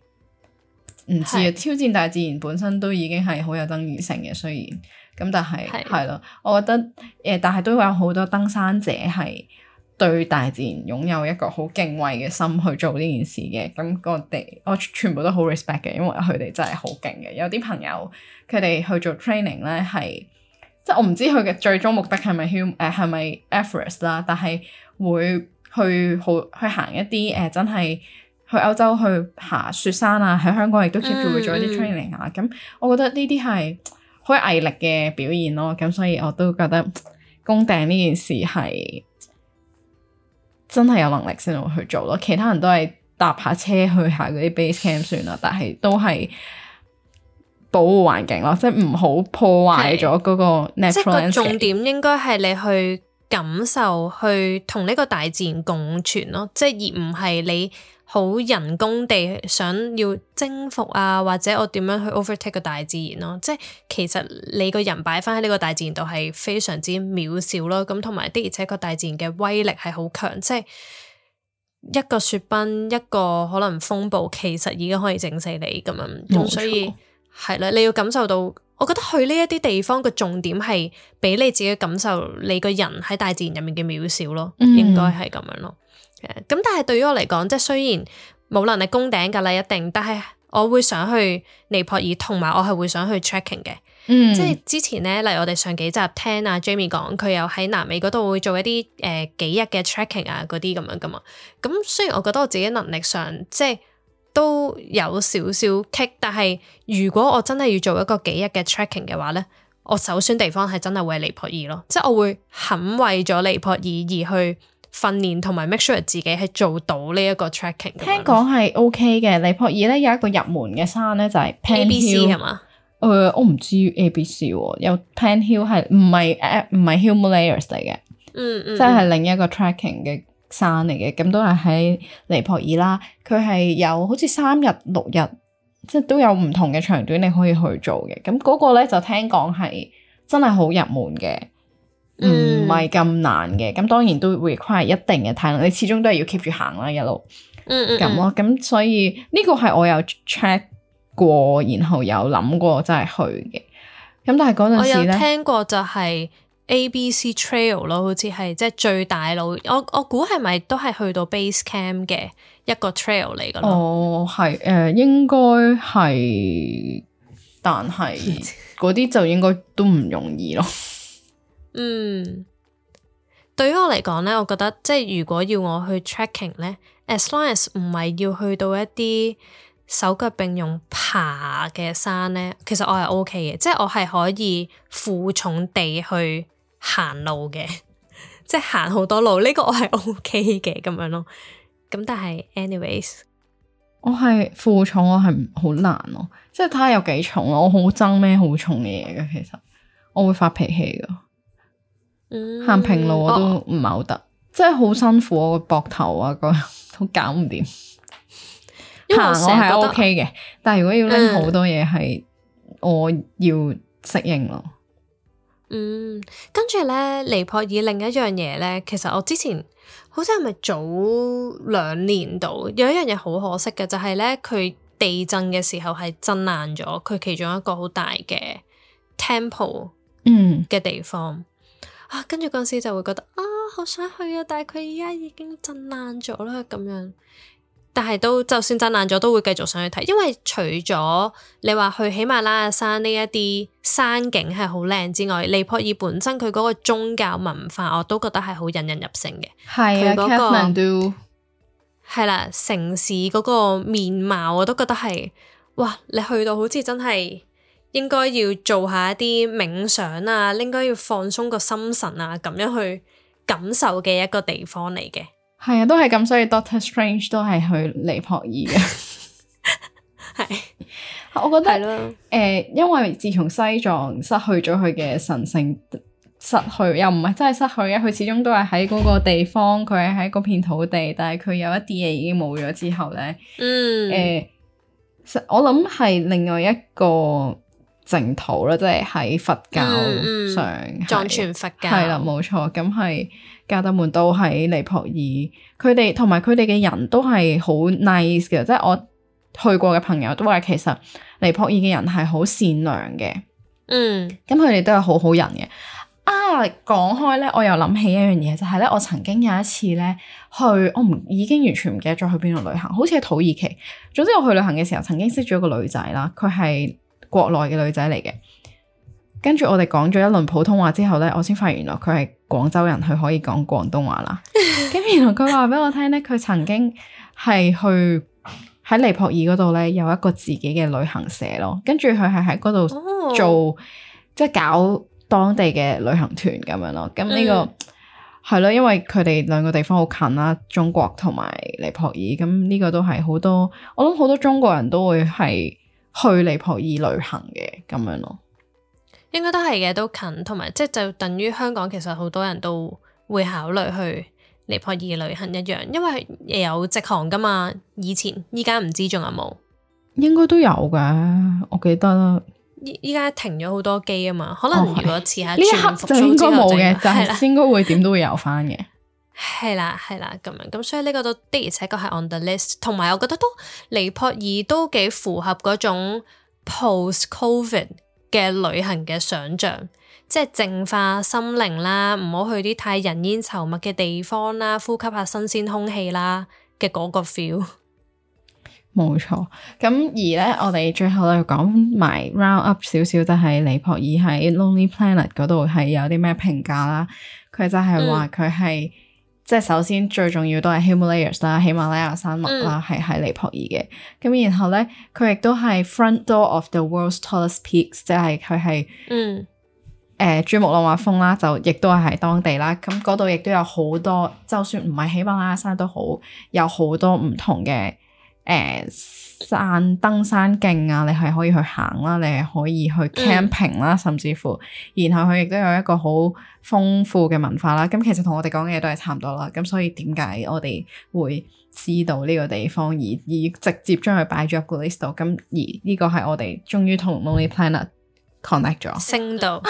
唔知啊，的挑戰大自然本身都已經係好有爭議性嘅，雖然咁，但係係咯，我覺得誒，但係都有好多登山者係對大自然擁有一個好敬畏嘅心去做呢件事嘅。咁、那、我、個、地，我全部都好 respect 嘅，因為佢哋真係好勁嘅。有啲朋友佢哋去做 training 咧，係即係我唔知佢嘅最終目的係咪 human 誒、呃，係咪 Everest 啦？但係會去好去行一啲誒、呃，真係。去歐洲去爬雪山啊！喺香港亦都 keep 住做一啲 training 啊！咁、嗯、我覺得呢啲係好毅力嘅表現咯。咁所以我都覺得攻頂呢件事係真係有能力先去做咯。其他人都係搭下車去下嗰啲 base camp 算啦。但係都係保護環境咯，即係唔好破壞咗嗰個。即係個重點應該係你去感受，去同呢個大自然共存咯。即係而唔係你。好人工地想要征服啊，或者我點樣去 overtake 個大自然咯、啊？即係其實你個人擺翻喺呢個大自然度係非常之渺小咯。咁同埋的而且個大自然嘅威力係好強，即係一個雪崩一個可能風暴，其實已經可以整死你咁樣。咁冇錯、嗯、所以係啦，你要感受到，我覺得去呢一啲地方嘅重點係俾你自己感受你個人喺大自然入面嘅渺小咯，應該係咁樣咯。嗯咁但係對於我嚟講，即係雖然冇能力攻頂噶啦，一定，但係我會想去尼泊爾，同埋我係會想去 tracking 嘅。嗯，即係之前咧，例如我哋上幾集聽啊，Jamie 講佢又喺南美嗰度會做一啲誒、呃、幾日嘅 tracking 啊，嗰啲咁樣噶嘛。咁雖然我覺得我自己能力上即係都有少少棘，但係如果我真係要做一個幾日嘅 tracking 嘅話咧，我首選地方係真係會尼泊爾咯，即係我會肯為咗尼泊爾而去。訓練同埋 make sure 自己係做到呢一個 tracking。聽講係 O K 嘅，尼泊爾咧有一個入門嘅山咧就係、是、Pan Hill 係嘛？誒，我唔知 A B C、哦、有 Pan Hill 係唔係誒唔係 Himalayas 嚟嘅，嗯、mm hmm. 即係另一個 tracking 嘅山嚟嘅，咁都係喺尼泊爾啦。佢係有好似三日六日，即係都有唔同嘅長短，你可以去做嘅。咁嗰個咧就聽講係真係好入門嘅。唔係咁難嘅，咁當然都 require 一定嘅態度你始終都係要 keep 住行啦一路、嗯，嗯嗯，咁咯，咁所以呢個係我有 check 過，然後有諗過真係去嘅。咁但係嗰陣時咧，我有聽過就係 ABC trail 咯，好似係即係最大路，我我估係咪都係去到 base camp 嘅一個 trail 嚟噶咯？哦，係誒、呃，應該係，但係嗰啲就應該都唔容易咯。嗯，對於我嚟講咧，我覺得即係如果要我去 trekking 咧 *noise* ，as long as 唔係要去到一啲手腳並用爬嘅山咧，其實我係 OK 嘅，即係我係可以負重地去行路嘅，即係行好多路呢，這個我係 OK 嘅咁樣咯。咁但係，anyways，我係負重我係好難咯，啊，即係睇下有幾重咯。我好憎咩好重嘅嘢嘅，其實我會發脾氣㗎。行平路我都唔係好得，真係好辛苦啊！個膊頭啊，個都搞唔掂。因為行我係 O K 嘅，但係如果要拎好多嘢，係、嗯、我要適應咯。嗯，跟住咧，尼泊爾另一樣嘢咧，其實我之前好似係咪早兩年度，有一樣嘢好可惜嘅，就係咧佢地震嘅時候係震爛咗佢其中一個好大嘅 temple，嗯嘅地方。嗯啊，跟住嗰陣時就會覺得啊、哦，好想去啊，但係佢而家已經震爛咗啦，咁樣。但係都就算震爛咗，都會繼續上去睇，因為除咗你話去喜馬拉雅山呢一啲山景係好靚之外，尼泊爾本身佢嗰個宗教文化我都覺得係好引人入勝嘅。係啊，Kathmandu 係啦，城市嗰個面貌我都覺得係，哇！你去到好似真係～應該要做下一啲冥想啊，應該要放鬆個心神啊，咁樣去感受嘅一個地方嚟嘅。係啊，都係咁，所以 Doctor Strange 都係去尼泊爾嘅。係 *laughs* 的，我覺得，誒的、呃，因為自從西藏失去咗佢嘅神聖，失去又唔係真係失去啊。佢始終都係喺嗰個地方，佢係喺嗰片土地，但係佢有一啲嘢已經冇咗之後咧，嗯，誒、呃，我諗係另外一個。淨土啦，即係喺佛教上藏傳、嗯嗯、是佛教係啦，冇錯。咁係加德滿都喺尼泊爾，佢哋同埋佢哋嘅人都係好 nice 嘅，即係我去過嘅朋友都話，其實尼泊爾嘅人係好善良嘅。嗯，咁佢哋都係好好人嘅。啊，講開咧，我又諗起一樣嘢，就係咧，我曾經有一次咧去，我唔已經完全唔記得咗去邊度旅行，好似係土耳其。總之我去旅行嘅時候，曾經識咗一個女仔啦，佢係。國內嘅女仔嚟嘅，跟住我哋講咗一輪普通話之後呢，我先發現原來佢係廣州人，佢可以講廣東話啦。咁原來佢話俾我聽呢，佢曾經係去喺尼泊爾嗰度呢，有一個自己嘅旅行社咯，跟住佢係喺嗰度做，oh. 即係搞當地嘅旅行團咁樣咯。咁、嗯、呢、呢個係咯，因為佢哋兩個地方好近啦，中國同埋尼泊爾，咁呢個都係好多，我諗好多中國人都會係。去尼泊爾旅行嘅咁樣咯，應該都係嘅，都近，同埋即係就等於香港其實好多人都會考慮去尼泊爾旅行一樣，因為有直航噶嘛，以前依家唔知仲有冇，應該都有嘅，我記得依依家停咗好多機啊嘛，可能、哦、如果遲下呢啲黑淨應該冇嘅，就係應該會點都會有翻嘅。 *laughs* 係啦，係啦，咁樣咁、嗯，所以呢個都的而且確係 on the list，同埋我覺得都尼泊爾都幾符合嗰種 post-COVID 嘅旅行嘅想象，即係淨化心靈啦，唔好去啲太人煙稠密嘅地方啦，呼吸下新鮮空氣啦嘅嗰個 feel。冇錯，咁而咧，我哋最後咧講埋 round up 少少，就係尼泊爾喺 Lonely Planet 嗰度係有啲咩評價啦，佢就係話佢係。即係首先最重要都係 Himalayas 啦，喜馬拉雅山脈啦，係喺、嗯、尼泊爾嘅。咁然後咧，佢亦都係 front door of the world's tallest peaks，即係佢係誒珠穆朗瑪峰啦，就亦都係當地啦。咁嗰度亦都有好多，就算唔係喜馬拉雅山都好，有好多唔同嘅誒。呃山登山徑啊，你係可以去行啦、啊，你係可以去 camping 啦、啊，甚至乎，嗯、然後佢亦都有一個好豐富嘅文化啦、啊。咁、嗯、其實同我哋講嘅嘢都係差唔多啦。咁、嗯、所以點解我哋會知道呢個地方而而直接將佢擺咗喺 g o list 度？咁、嗯、而呢個係我哋終於同 Lonely Planet connect 咗。星島道。 *laughs* *laughs*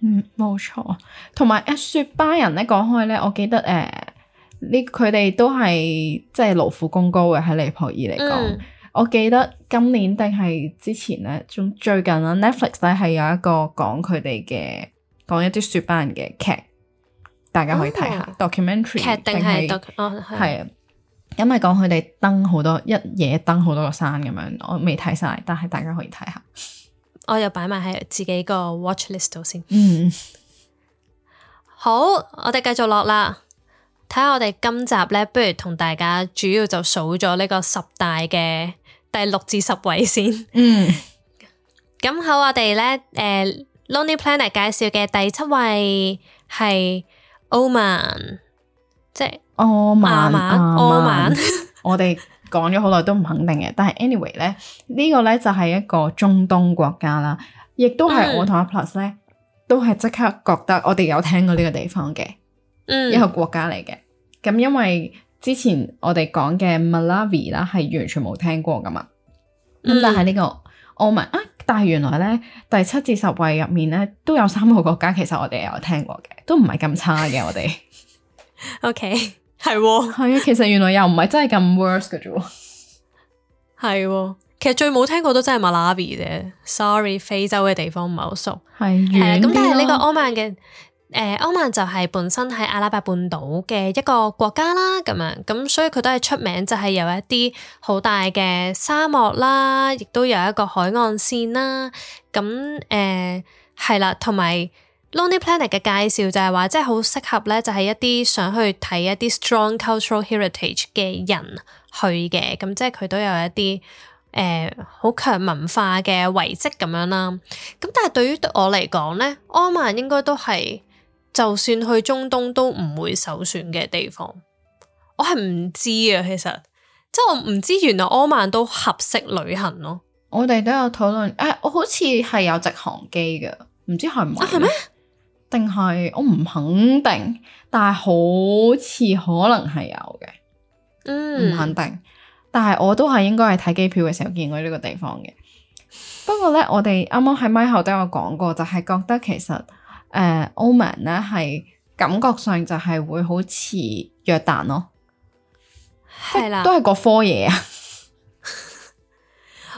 嗯，冇錯，同埋啊，雪巴人咧講開咧，我記得誒，呢佢哋都係即係勞苦功高嘅喺尼泊爾嚟講。嗯，我記得今年定係之前咧，仲最近啊，Netflix 咧係有一個講佢哋嘅，講一啲雪巴人嘅劇，大家可以睇下 documentary 定係係啊，因為講佢哋登好多一夜登好多個山咁樣，我未睇晒，但係大家可以睇下。我又擺埋喺自己個 watchlist 度先。嗯，好，我哋繼續落啦。睇下我哋今集呢，不如同大家主要就數咗呢個十大嘅第六至十位先。嗯，咁好，我哋呢，誒，呃，Lonely Planet 介紹嘅第七位係 Oman，即係阿曼阿曼。阿曼，我哋們。 *laughs* 講咗好耐都唔肯定嘅，但係 anyway 咧，這個、呢個咧就係、是、一個中東國家啦，亦都係我同阿 Plus 咧、mm. 都係即刻覺得我哋有聽過呢個地方嘅、mm. 一個國家嚟嘅。咁因為之前我哋講嘅 Malawi 啦，係完全冇聽過噶嘛。咁、mm. 但係呢、這個我問，啊，但係原來咧第七至十位入面咧都有三個國家，其實我哋有聽過嘅，都唔係咁差嘅，我哋。OK。係係啊，對哦、 *laughs* 其實原來又唔係真係咁 worse 嘅啫。係，其實最冇聽過都真係馬拉比嘅。Sorry，非洲嘅地方唔係好熟。係，係啊。咁、呃、但係呢個阿曼嘅，誒、呃，阿曼就係本身喺阿拉伯半島嘅一個國家啦。咁樣，咁所以佢都係出名就係、是、有一啲好大嘅沙漠啦，亦都有一個海岸綫啦。咁誒，係、呃、啦，同埋。Lonely Planet 嘅介紹就係話，即係好適合咧，就係、是、一啲想去睇一啲 strong cultural heritage 嘅人去嘅。咁即係佢都有一啲誒好強文化嘅遺跡咁樣啦。咁但係對於我嚟講咧，阿曼應該都係就算去中東都唔會首選嘅地方。我係唔知啊，其實即係我唔知原來阿曼都合適旅行咯。我哋都有討論，誒、哎，我好似係有直航機嘅，唔知係唔係咩？啊定係我唔肯定，但係好似可能係有嘅，嗯，唔肯定，但係我都係應該係睇機票嘅時候見過呢個地方嘅。不過咧，我哋啱啱喺咪後都有講過，就係、是、覺得其實誒、呃、，Oman 咧係感覺上就係會好似約旦咯，係啦，都係個科嘢啊。 *laughs*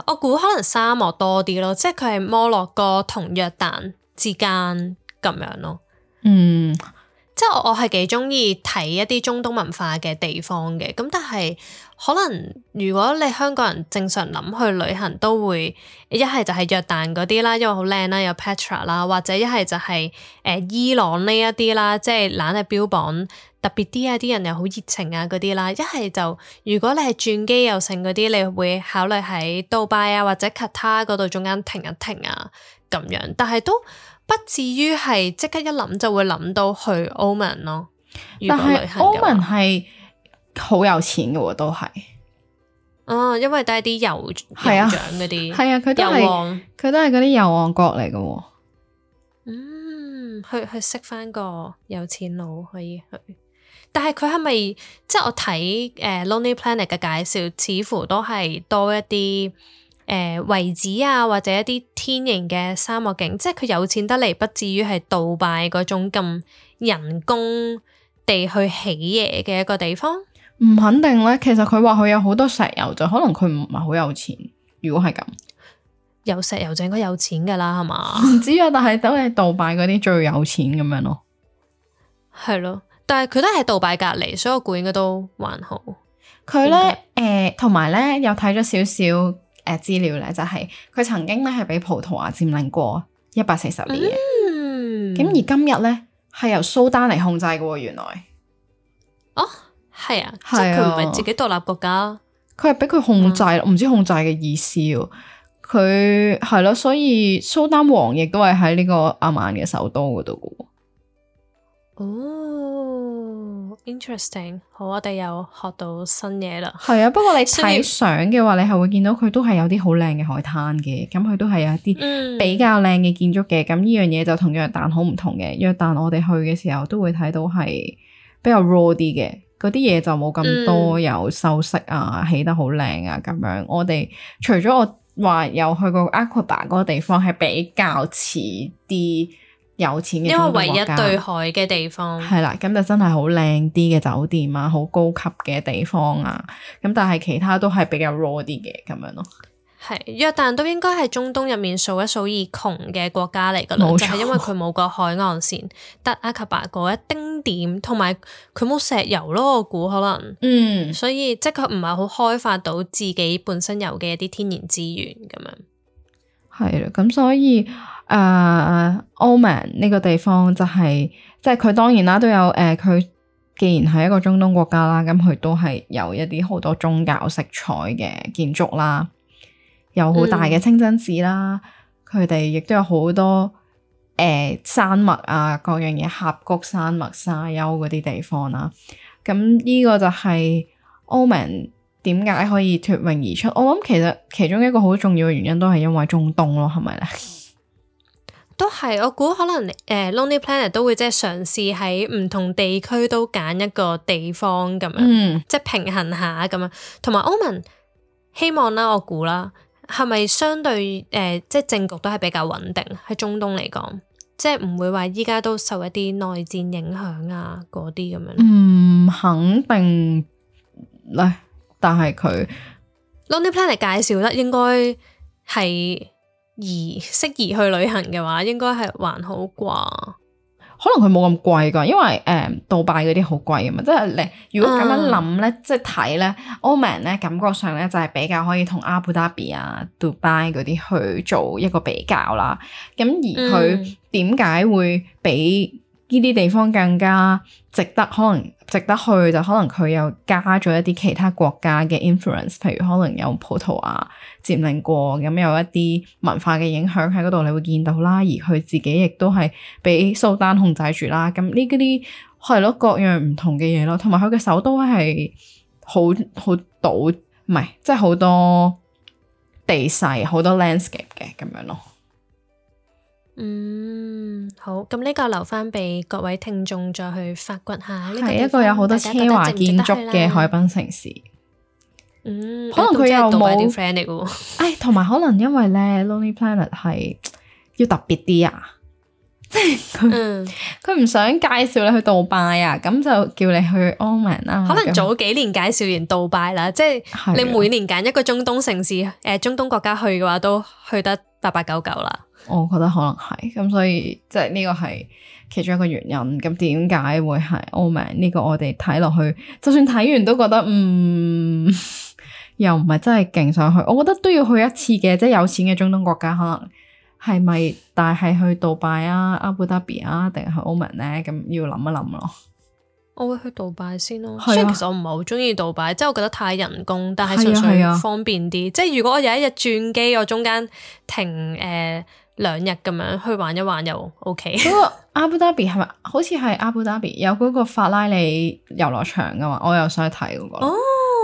*laughs* 我估可能沙漠多啲咯，即係佢係摩洛哥同約旦之間。咁樣咯，嗯，即係我我係幾中意睇一啲中東文化嘅地方嘅，咁但係可能如果你香港人正常諗去旅行，都會一係就係約旦嗰啲啦，因為好靚啦，有 Petra 啦，或者一係就係、是、誒、呃、伊朗呢一啲啦，即係懶係標榜特別啲啊，啲人又好熱情啊嗰啲啦，一係就如果你係轉機又剩嗰啲，你會考慮喺杜拜啊或者卡塔嗰度中間停一停啊咁樣，但係都。不至於係即刻一諗就會諗到去 Oman 咯。但係 Oman 係好有錢嘅喎、啊，都係。啊、哦，因為都係啲遊係啊，嗰啲係啊，佢都係佢王都係嗰啲油王國嚟嘅喎。嗯，去去識返個有錢佬可以去。但係佢係咪即係我睇誒、呃、Lonely Planet 嘅介紹，似乎都係多一啲。誒，遺址、呃、啊，或者一啲天然嘅沙漠景，即係佢有錢得嚟，不至於係杜拜嗰種咁人工地去起嘢嘅一個地方。唔肯定咧，其實佢話佢有好多石油，就可能佢唔係好有錢。如果係咁，有石油就應該有錢噶啦，係嘛？唔知啊，但係都係杜拜嗰啲最有錢咁樣咯。係咯，但係佢都係杜拜隔籬，所以我估應該都還好。佢咧呢，誒該，同埋咧，又睇咗少少。誒，資、呃、料咧就係、是、佢曾經咧係俾葡萄牙佔領過一百四十年嘅，咁、嗯、而今日咧係由蘇丹嚟控制嘅，原來，哦，係啊，啊即係佢唔係自己獨立國家，佢係俾佢控制，唔、嗯、知控制嘅意思哦。佢係咯，所以蘇丹王亦都係喺呢個阿曼嘅首都嗰度嘅，哦。interesting，好，我哋又學到新嘢啦。係啊，不過你睇相嘅話， *laughs* 你係會見到佢都係有啲好靚嘅海灘嘅，咁佢都係有一啲比較靚嘅建築嘅。咁呢樣嘢就同約旦好唔同嘅。約旦我哋去嘅時候都會睇到係比較 raw 啲嘅，嗰啲嘢就冇咁多 *laughs* 有修飾啊，起得好靚啊咁樣。我哋除咗我話有去過 Aqaba 嗰個地方，係比較遲啲。有錢因為唯一,一對海嘅地方係啦，咁就真係好靚啲嘅酒店啊，好高級嘅地方啊，咁但係其他都係比較 raw 啲嘅咁樣咯。係約旦都應該係中東入面數一數二窮嘅國家嚟㗎啦，冇錯。就係因為佢冇個海岸線，得阿克巴嗰一丁點，同埋佢冇石油咯。我估可能，嗯，所以即係佢唔係好開發到自己本身有嘅一啲天然資源咁樣。係啦，咁所以。啊，歐曼呢個地方就係、是，即係佢當然啦，都有誒，佢、呃、既然係一個中東國家啦，咁佢都係有一啲好多宗教色彩嘅建築啦，有好大嘅清真寺啦，佢哋亦都有好多誒、呃、山脈啊，各樣嘢峽谷、山脈、沙丘嗰啲地方啦、啊，咁呢個就係歐曼點解可以脫穎而出？我諗其實其中一個好重要嘅原因都係因為中東咯，係咪咧？ *laughs* 都係，我估可能誒、呃、，Lonely Planet 都會即係嘗試喺唔同地區都揀一個地方咁樣，即係、嗯、平衡下咁樣。同埋 Oman 希望啦，我估啦，係咪相對誒，即、呃、係、就是、政局都係比較穩定喺中東嚟講，即係唔會話依家都受一啲內戰影響啊嗰啲咁樣。唔肯定咧，但係佢 Lonely Planet 介紹得應該係。而適宜去旅行嘅話，應該係還好啩。可能佢冇咁貴㗎，因為誒、呃、杜拜嗰啲好貴啊嘛。即係你如果咁樣諗咧，啊、即係睇咧，Oman 咧感覺上咧就係、是、比較可以同阿布達比啊、杜拜嗰啲去做一個比較啦。咁而佢點解會比呢啲地方更加值得？嗯、可能？值得去就可能佢又加咗一啲其他國家嘅 influence，譬如可能有葡萄牙佔領過，咁有一啲文化嘅影響喺嗰度，你會見到啦。而佢自己亦都係俾蘇丹控制住啦。咁呢啲係咯，各樣唔同嘅嘢咯，同埋佢嘅首都係好好島，唔係，即係好多地勢好多 landscape 嘅咁樣咯。嗯，好，咁呢個留翻俾各位聽眾再去發掘下。係一個有好多奢華建築嘅海濱城市。嗯，可能佢又冇。哎，同埋可能因為咧，Lonely Planet 係要特別啲啊，即係佢，佢唔想介紹你去杜拜啊，咁就叫你去阿曼啦。可能早幾年介紹完杜拜啦，的即係你每年揀一個中東城市，誒，中東國家去嘅話，都去得八八九九啦。我覺得可能係，咁所以即係呢個係其中一個原因。咁點解會係 Oman？呢個？我哋睇落去，就算睇完都覺得嗯，又唔係真係勁想去。我覺得都要去一次嘅，即係有錢嘅中東國家，可能係咪？但係去杜拜啊、阿布達比啊，定係去 Oman 咧？咁要諗一諗咯。我會去杜拜先咯。啊、雖然其實我唔係好中意杜拜，即係我覺得太人工，但係純粹方便啲。啊啊、即係如果我有一日轉機，我中間停誒。呃兩日咁樣去玩一玩又 OK。嗰 *laughs* 個阿布達比係咪？好似係阿布達比有嗰個法拉利遊樂場噶嘛？我又想去睇、嗰個，我覺得。哦。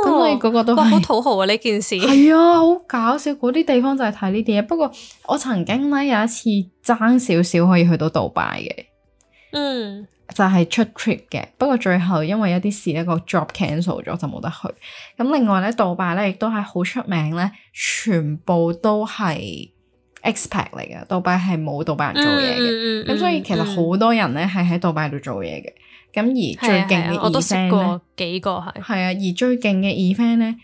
咁所以個都。好土豪啊呢件事。係啊，好搞笑，嗰啲地方就係睇呢啲嘢。不過我曾經咧有一次爭少少可以去到杜拜嘅。嗯。就係出 trip 嘅，不過最後因為一啲事一個 job cancel 咗就冇得去。咁另外咧，杜拜咧亦都係好出名咧，全部都係。expect 嚟嘅，杜拜係冇杜拜人做嘢嘅，咁、嗯嗯、所以其實好多人咧係喺杜拜度做嘢嘅。咁、嗯、而最勁嘅 event 我都識過幾個係。係啊，而最勁嘅 event 咧，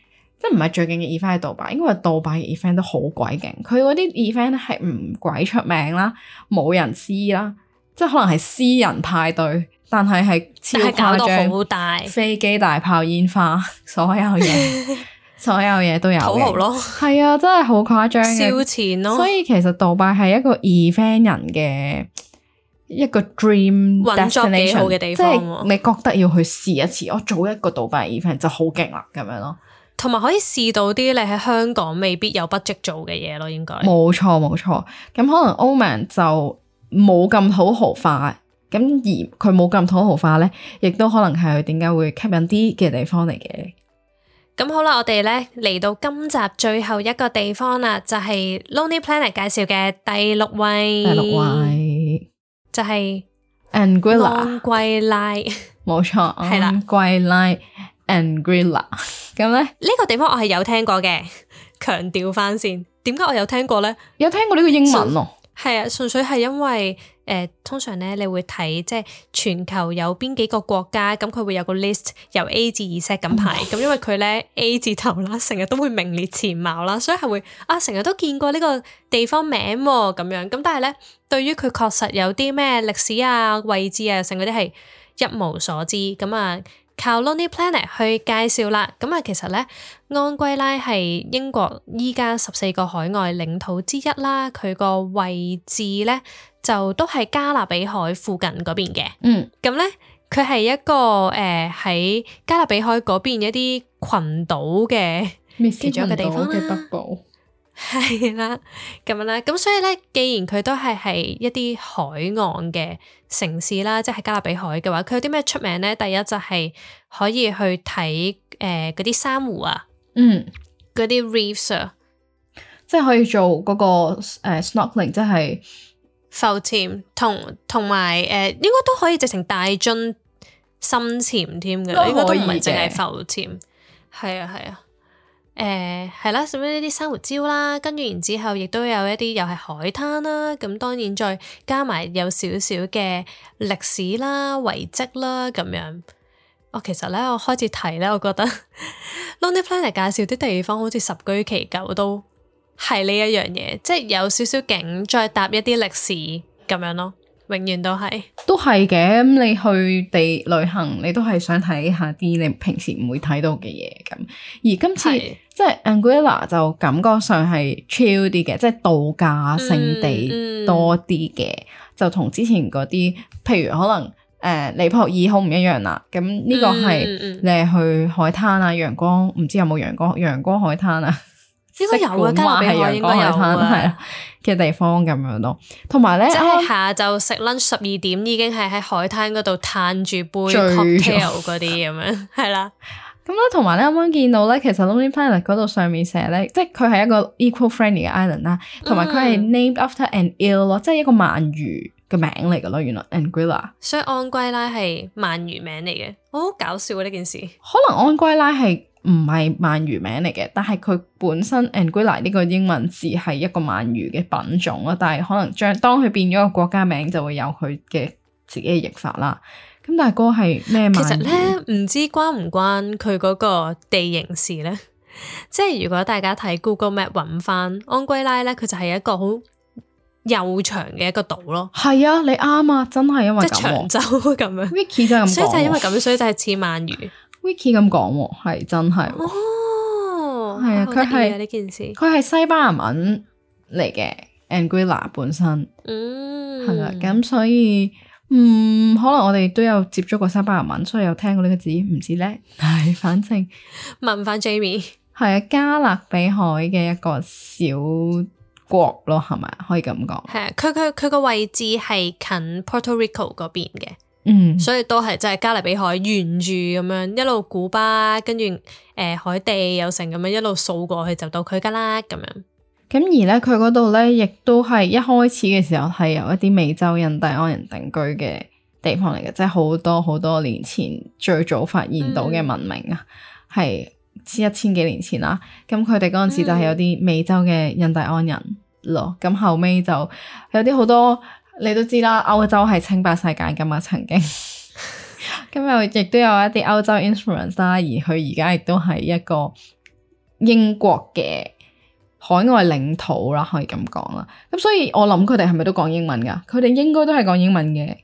即係唔係最勁嘅 event 喺杜拜，應該話杜拜嘅 event 都好鬼勁。佢嗰啲 event 咧係唔鬼出名啦，冇人知啦，即係可能係私人派對，但係係超誇張，好大飛機、大炮、煙花，所有嘢。 *laughs* 所有嘢都有土豪咯，係啊，真係好誇張嘅。燒錢咯，所以其實杜拜係一個 Evan 人嘅一個 dream destination 嘅地方。即係你覺得要去試一次，我做一個杜拜 Evan 就好勁啦，咁樣咯。同埋可以試到啲你喺香港未必有 budget 做嘅嘢咯，應該。冇錯冇錯，咁可能 Oman 就冇咁土豪化，咁而佢冇咁土豪化呢，亦都可能係佢點解會吸引啲嘅地方嚟嘅。咁好啦，我哋咧嚟到今集最後一個地方啦，就係、是、Lonely Planet 介紹嘅第六位，第六位就係 Anguilla，l 冇錯，係啦，Anguilla，Anguilla，咁咧呢個地方我係有聽過嘅，強調翻先，點解我有聽過咧？有聽過呢個英文咯、哦。So, 係啊，純粹係因為誒、呃，通常咧你會睇即係全球有邊幾個國家，咁佢會有個 list 由 A 至 Z 咁排，咁 *laughs* 因為佢咧 A 字頭啦，成日都會名列前茅啦，所以係會啊，成日都見過呢個地方名咁、喔、樣，咁但係咧對於佢確實有啲咩歷史啊、位置啊，成嗰啲係一無所知咁啊。靠 Lonely Planet 去介紹啦，咁啊其實咧，安圭拉係英國依家十四個海外領土之一啦，佢個位置咧就都係加勒比海附近嗰邊嘅，嗯，咁咧佢係一個誒喺、呃、加勒比海嗰邊一啲群島嘅，其中一個地方嘅北部。係啦，咁 *laughs* 樣啦，咁所以咧，既然佢都係係一啲海岸嘅城市啦，即係加勒比海嘅話，佢有啲咩出名咧？第一就係可以去睇誒嗰啲珊瑚啊，嗯，嗰啲 reefs，啊、即係可以做嗰、那個誒、uh, snorkeling，即係浮潛，同同埋誒、呃、應該都可以直情大樽深潛添嘅，應該都唔係淨係浮潛，係啊係啊。.誒，係、呃、啦，甚至呢啲生活招啦，跟住然之後，亦都有一啲又係海灘啦，咁當然再加埋有少少嘅歷史啦、遺跡啦，咁樣。我、哦、其實咧，我開始睇咧，我覺得 *laughs* Lonely Planet 介紹啲地方，好似十居其九都係呢一樣嘢，即、就、係、是、有少少景，再搭一啲歷史咁樣咯。永遠都係都係嘅，咁你去地旅行，你都係想睇下啲你平時唔會睇到嘅嘢咁。而今次的即係 Anguilla 就感覺上係 chill 啲嘅，即係度假勝地多啲嘅，嗯嗯、就同之前嗰啲，譬如可能誒呃、尼泊爾好唔一樣啦。咁呢個係你係去海灘啊，陽光唔知有冇陽光陽光海灘啊。應該有啊，加勒比海應該有灘係啊嘅地方咁樣咯，同埋咧，即係下晝食 lunch 十二點已經係喺海灘嗰度嘆住杯 cocktail 啲咁樣，係啦。咁咧，同埋咧，有冇見到咧？其實 Lonely Planet 嗰度上面寫咧，即係佢係一個 equal friendly island 啦，同埋佢係 named after an eel 咯，即係一個鰻魚嘅名嚟噶咯。原來 Anguilla， *laughs* 所以安圭拉係鰻魚名嚟嘅，好搞笑啊！呢件事，可能安圭拉係。唔係鰻魚名嚟嘅，但係佢本身 Anguilla 呢個英文字係一個鰻魚嘅品種咯，但係可能將當佢變咗個國家名就會有佢嘅自己嘅譯法啦。咁大哥嗰係咩鰻魚？其實咧，唔知關唔關佢嗰個地形事咧？ *laughs* 即係如果大家睇 Google Map 揾翻 Anguilla 咧，佢就係一個好幼長嘅一個島咯。係啊，你啱啊，真係因為即長洲咁樣咁講， *laughs* *laughs* 所以就因為咁，所以就係似鰻魚。Wiki 咁講喎，係真係，係、哦、的啊，佢係佢係西班牙文嚟嘅，Anguilla 本身，嗯，係啦，咁所以，嗯，可能我哋都有接觸過西班牙文，所以有聽過呢個字，唔知咧，唉， *laughs* 反正問 *laughs* 翻 Jamie。係啊，加勒比海嘅一個小國咯，係咪？可以咁講？係啊，佢佢佢個位置係近 Puerto Rico 嗰邊嘅。嗯，所以都係即係加勒比海沿住咁樣一路古巴，跟住誒、呃、海地有城咁樣一路掃過去就到佢噶啦咁樣。咁而咧佢嗰度咧亦都係一開始嘅時候係由一啲美洲印第安人定居嘅地方嚟嘅，嗯、即係好多好多年前最早發現到嘅文明啊，係、嗯、一千幾年前啦。咁佢哋嗰陣時就係有啲美洲嘅印第安人咯。咁、嗯嗯、後尾就有啲好多。你都知啦，歐洲係清白世界噶嘛？曾經，咁又亦都有一啲歐洲 influence 啦，而佢而家亦都係一個英國嘅海外領土啦，可以咁講啦。咁所以我諗佢哋係咪都講英文噶？佢哋應該都係講英文嘅。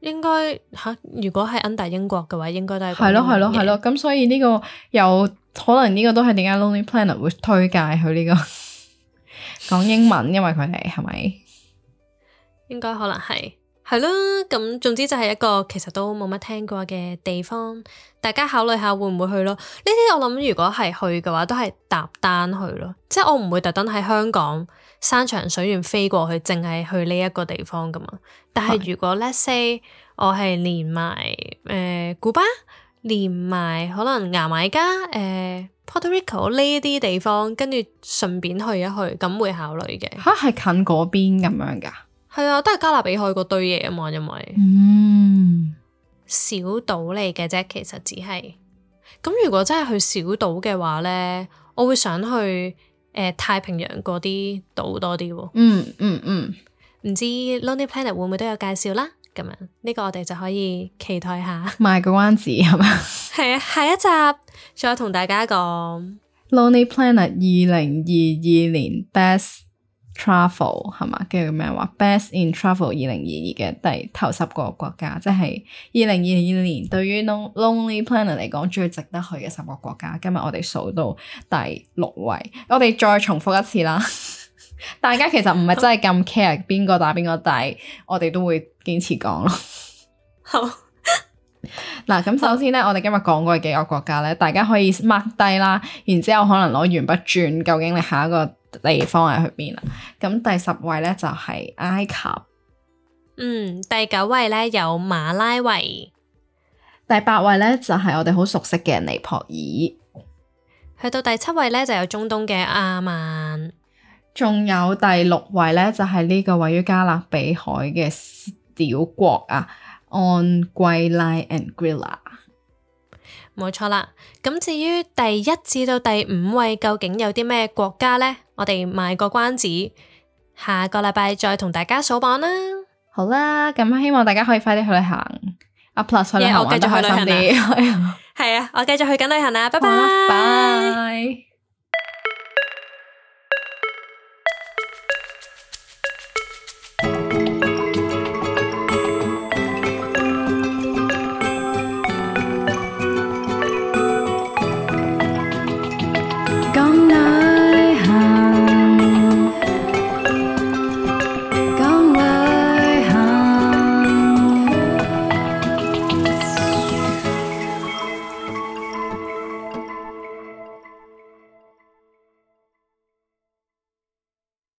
應該吓，如果係 under 英國嘅話，應該都係。係咯，係咯，係咯。咁所以呢個有可能呢個都係點解 Lonely Planet 會推介佢呢個講 *laughs* 英文，因為佢哋係咪？應該可能係係咯，咁總之就係一個其實都冇乜聽過嘅地方，大家考慮下會唔會去咯？呢啲我諗如果係去嘅話，都係搭單去咯，即係我唔會特登喺香港山長水遠飛過去，淨係去呢一個地方噶嘛。但係如果是 let’s say 我係連埋誒、呃、古巴，連埋可能牙買加誒、呃、Puerto Rico 呢啲地方，跟住順便去一去，咁會考慮嘅吓係近嗰邊咁樣噶。係啊，都係加勒比海嗰堆嘢啊嘛，因為嗯小島嚟嘅啫，其實只係咁。如果真係去小島嘅話呢，我會想去誒、呃、太平洋嗰啲島多啲。嗯嗯嗯，唔、hmm. 知 Lonely Planet 會唔會都有介紹啦？咁樣呢、呢個我哋就可以期待下。賣個關子係嘛？係啊，下一集再同大家講 Lonely Planet 二零二二年 Best Travel 係嘛？跟住咩話？Best in Travel 二零二二嘅第頭十個國家，即係二零二二年對於 Lon Lonely Planet 嚟講最值得去嘅十個國家。今日我哋數到第六位，我哋再重複一次啦。 *laughs* 大家其實唔係真係咁 care 邊個好打邊個大，我哋都會堅持講咯。 *laughs* 好嗱，咁首先咧，好我哋今日講過嘅幾個國家咧，大家可以 mark 低啦。然之後可能攞完筆轉，究竟你下一個地方係去邊啊？咁第十位咧就係埃及，嗯，第九位咧有馬拉維，第八位咧就係我哋好熟悉嘅尼泊爾，去到第七位咧就有中東嘅阿曼，仲有第六位咧就係呢個位於加勒比海嘅小國啊，Anguilla and Anguilla。冇錯啦，咁至於第一至到第五位究竟有啲咩國家咧？我哋賣個關子，下個禮拜再同大家數榜啦。好啦，咁希望大家可以快啲去旅行，啊 Plus 去旅行開心啲。係啊，我繼續去緊旅行啊，拜拜。